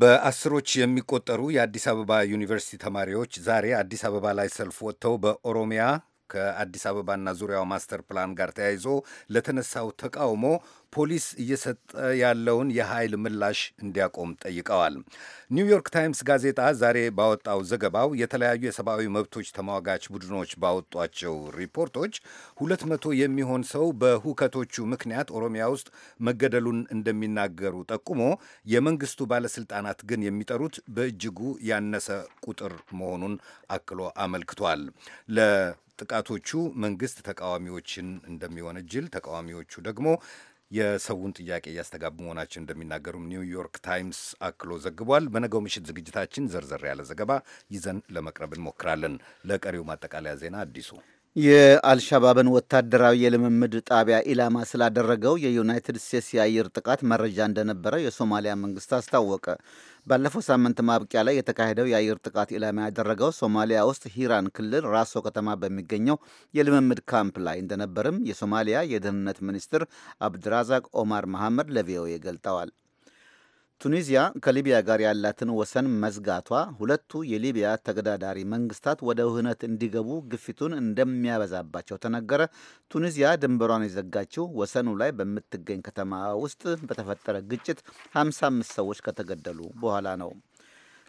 በአስሮች የሚቆጠሩ የአዲስ አበባ ዩኒቨርሲቲ ተማሪዎች ዛሬ አዲስ አበባ ላይ ሰልፍ ወጥተው በኦሮሚያ ከአዲስ አበባና ዙሪያው ማስተር ፕላን ጋር ተያይዞ ለተነሳው ተቃውሞ ፖሊስ እየሰጠ ያለውን የኃይል ምላሽ እንዲያቆም ጠይቀዋል። ኒውዮርክ ታይምስ ጋዜጣ ዛሬ ባወጣው ዘገባው የተለያዩ የሰብአዊ መብቶች ተሟጋች ቡድኖች ባወጧቸው ሪፖርቶች ሁለት መቶ የሚሆን ሰው በሁከቶቹ ምክንያት ኦሮሚያ ውስጥ መገደሉን እንደሚናገሩ ጠቁሞ የመንግስቱ ባለስልጣናት ግን የሚጠሩት በእጅጉ ያነሰ ቁጥር መሆኑን አክሎ አመልክቷል። ለጥቃቶቹ መንግስት ተቃዋሚዎችን እንደሚወነጅል ተቃዋሚዎቹ ደግሞ የሰውን ጥያቄ እያስተጋቡ መሆናችን እንደሚናገሩም ኒውዮርክ ታይምስ አክሎ ዘግቧል። በነገው ምሽት ዝግጅታችን ዘርዘር ያለ ዘገባ ይዘን ለመቅረብ እንሞክራለን። ለቀሪው ማጠቃለያ ዜና አዲሱ የአልሻባብን ወታደራዊ የልምምድ ጣቢያ ኢላማ ስላደረገው የዩናይትድ ስቴትስ የአየር ጥቃት መረጃ እንደነበረ የሶማሊያ መንግስት አስታወቀ። ባለፈው ሳምንት ማብቂያ ላይ የተካሄደው የአየር ጥቃት ኢላማ ያደረገው ሶማሊያ ውስጥ ሂራን ክልል ራሶ ከተማ በሚገኘው የልምምድ ካምፕ ላይ እንደነበርም የሶማሊያ የደህንነት ሚኒስትር አብድራዛቅ ኦማር መሐመድ ለቪኦኤ ገልጠዋል። ቱኒዚያ ከሊቢያ ጋር ያላትን ወሰን መዝጋቷ ሁለቱ የሊቢያ ተገዳዳሪ መንግስታት ወደ ውህነት እንዲገቡ ግፊቱን እንደሚያበዛባቸው ተነገረ። ቱኒዚያ ድንበሯን የዘጋችው ወሰኑ ላይ በምትገኝ ከተማ ውስጥ በተፈጠረ ግጭት 55 ሰዎች ከተገደሉ በኋላ ነው።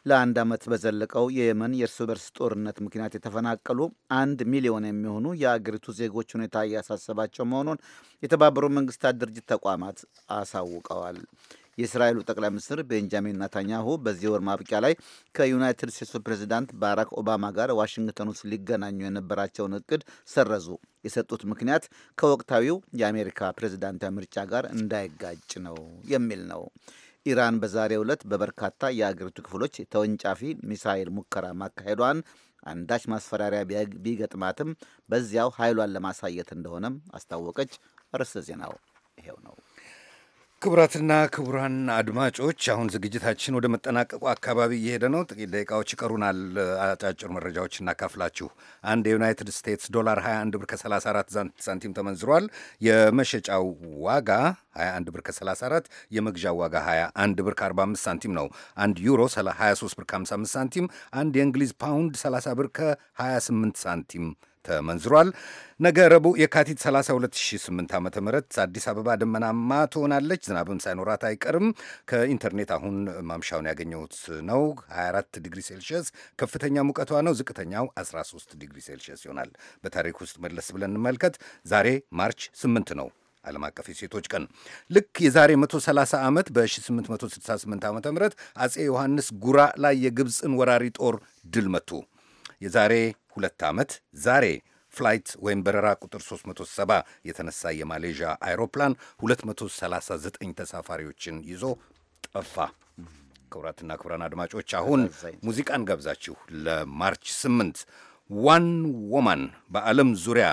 ለአንድ ዓመት በዘለቀው የየመን የእርስ በርስ ጦርነት ምክንያት የተፈናቀሉ አንድ ሚሊዮን የሚሆኑ የአገሪቱ ዜጎች ሁኔታ እያሳሰባቸው መሆኑን የተባበሩት መንግስታት ድርጅት ተቋማት አሳውቀዋል። የእስራኤሉ ጠቅላይ ሚኒስትር ቤንጃሚን ናታኛሁ በዚህ ወር ማብቂያ ላይ ከዩናይትድ ስቴትሱ ፕሬዚዳንት ባራክ ኦባማ ጋር ዋሽንግተን ውስጥ ሊገናኙ የነበራቸውን እቅድ ሰረዙ። የሰጡት ምክንያት ከወቅታዊው የአሜሪካ ፕሬዚዳንታዊ ምርጫ ጋር እንዳይጋጭ ነው የሚል ነው። ኢራን በዛሬው ዕለት በበርካታ የአገሪቱ ክፍሎች ተወንጫፊ ሚሳይል ሙከራ ማካሄዷን አንዳች ማስፈራሪያ ቢገጥማትም በዚያው ኃይሏን ለማሳየት እንደሆነም አስታወቀች። ርዕሰ ዜናው ይሄው ነው። ክቡራትና ክቡራን አድማጮች አሁን ዝግጅታችን ወደ መጠናቀቁ አካባቢ እየሄደ ነው። ጥቂት ደቂቃዎች ይቀሩናል። አጫጭር መረጃዎች እናካፍላችሁ። አንድ የዩናይትድ ስቴትስ ዶላር 21 ብር ከ34 ሳንቲም ተመንዝሯል። የመሸጫው ዋጋ 21 ብር ከ34፣ የመግዣ ዋጋ 21 ብር ከ45 ሳንቲም ነው። አንድ ዩሮ 23 ብር ከ55 ሳንቲም፣ አንድ የእንግሊዝ ፓውንድ 30 ብር ከ28 ሳንቲም ተመንዝሯል። ነገ ረቡዕ የካቲት 30 2008 ዓ ም አዲስ አበባ ደመናማ ትሆናለች። ዝናብም ሳይኖራት አይቀርም። ከኢንተርኔት አሁን ማምሻውን ያገኘሁት ነው። 24 ዲግሪ ሴልሽየስ ከፍተኛ ሙቀቷ ነው። ዝቅተኛው 13 ዲግሪ ሴልሽየስ ይሆናል። በታሪክ ውስጥ መለስ ብለን እንመልከት። ዛሬ ማርች 8 ነው ዓለም አቀፍ የሴቶች ቀን ልክ የዛሬ 130 ዓመት በ1868 ዓ ም አጼ ዮሐንስ ጉራ ላይ የግብፅን ወራሪ ጦር ድል መቱ። የዛሬ ሁለት ዓመት ዛሬ ፍላይት ወይም በረራ ቁጥር 370 የተነሳ የማሌዥያ አይሮፕላን 239 ተሳፋሪዎችን ይዞ ጠፋ። ክቡራትና ክቡራን አድማጮች አሁን ሙዚቃን ጋብዛችሁ ለማርች 8 ዋን ወማን በዓለም ዙሪያ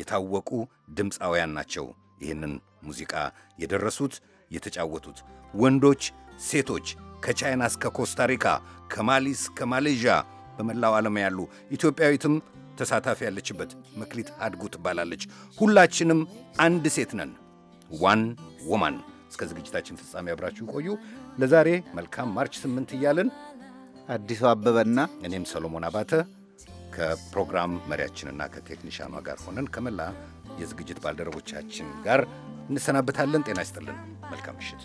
የታወቁ ድምፃውያን ናቸው። ይህንን ሙዚቃ የደረሱት የተጫወቱት ወንዶች፣ ሴቶች ከቻይና እስከ ኮስታሪካ ከማሊ እስከ ማሌዥያ በመላው ዓለም ያሉ ኢትዮጵያዊትም ተሳታፊ ያለችበት መክሊት አድጉ ትባላለች። ሁላችንም አንድ ሴት ነን፣ ዋን ወማን። እስከ ዝግጅታችን ፍጻሜ አብራችሁ ቆዩ። ለዛሬ መልካም ማርች ስምንት እያለን አዲሱ አበበና እኔም ሰሎሞን አባተ ከፕሮግራም መሪያችንና ከቴክኒሻኗ ጋር ሆነን ከመላ የዝግጅት ባልደረቦቻችን ጋር እንሰናበታለን። ጤና ይስጥልን። መልካም ምሽት።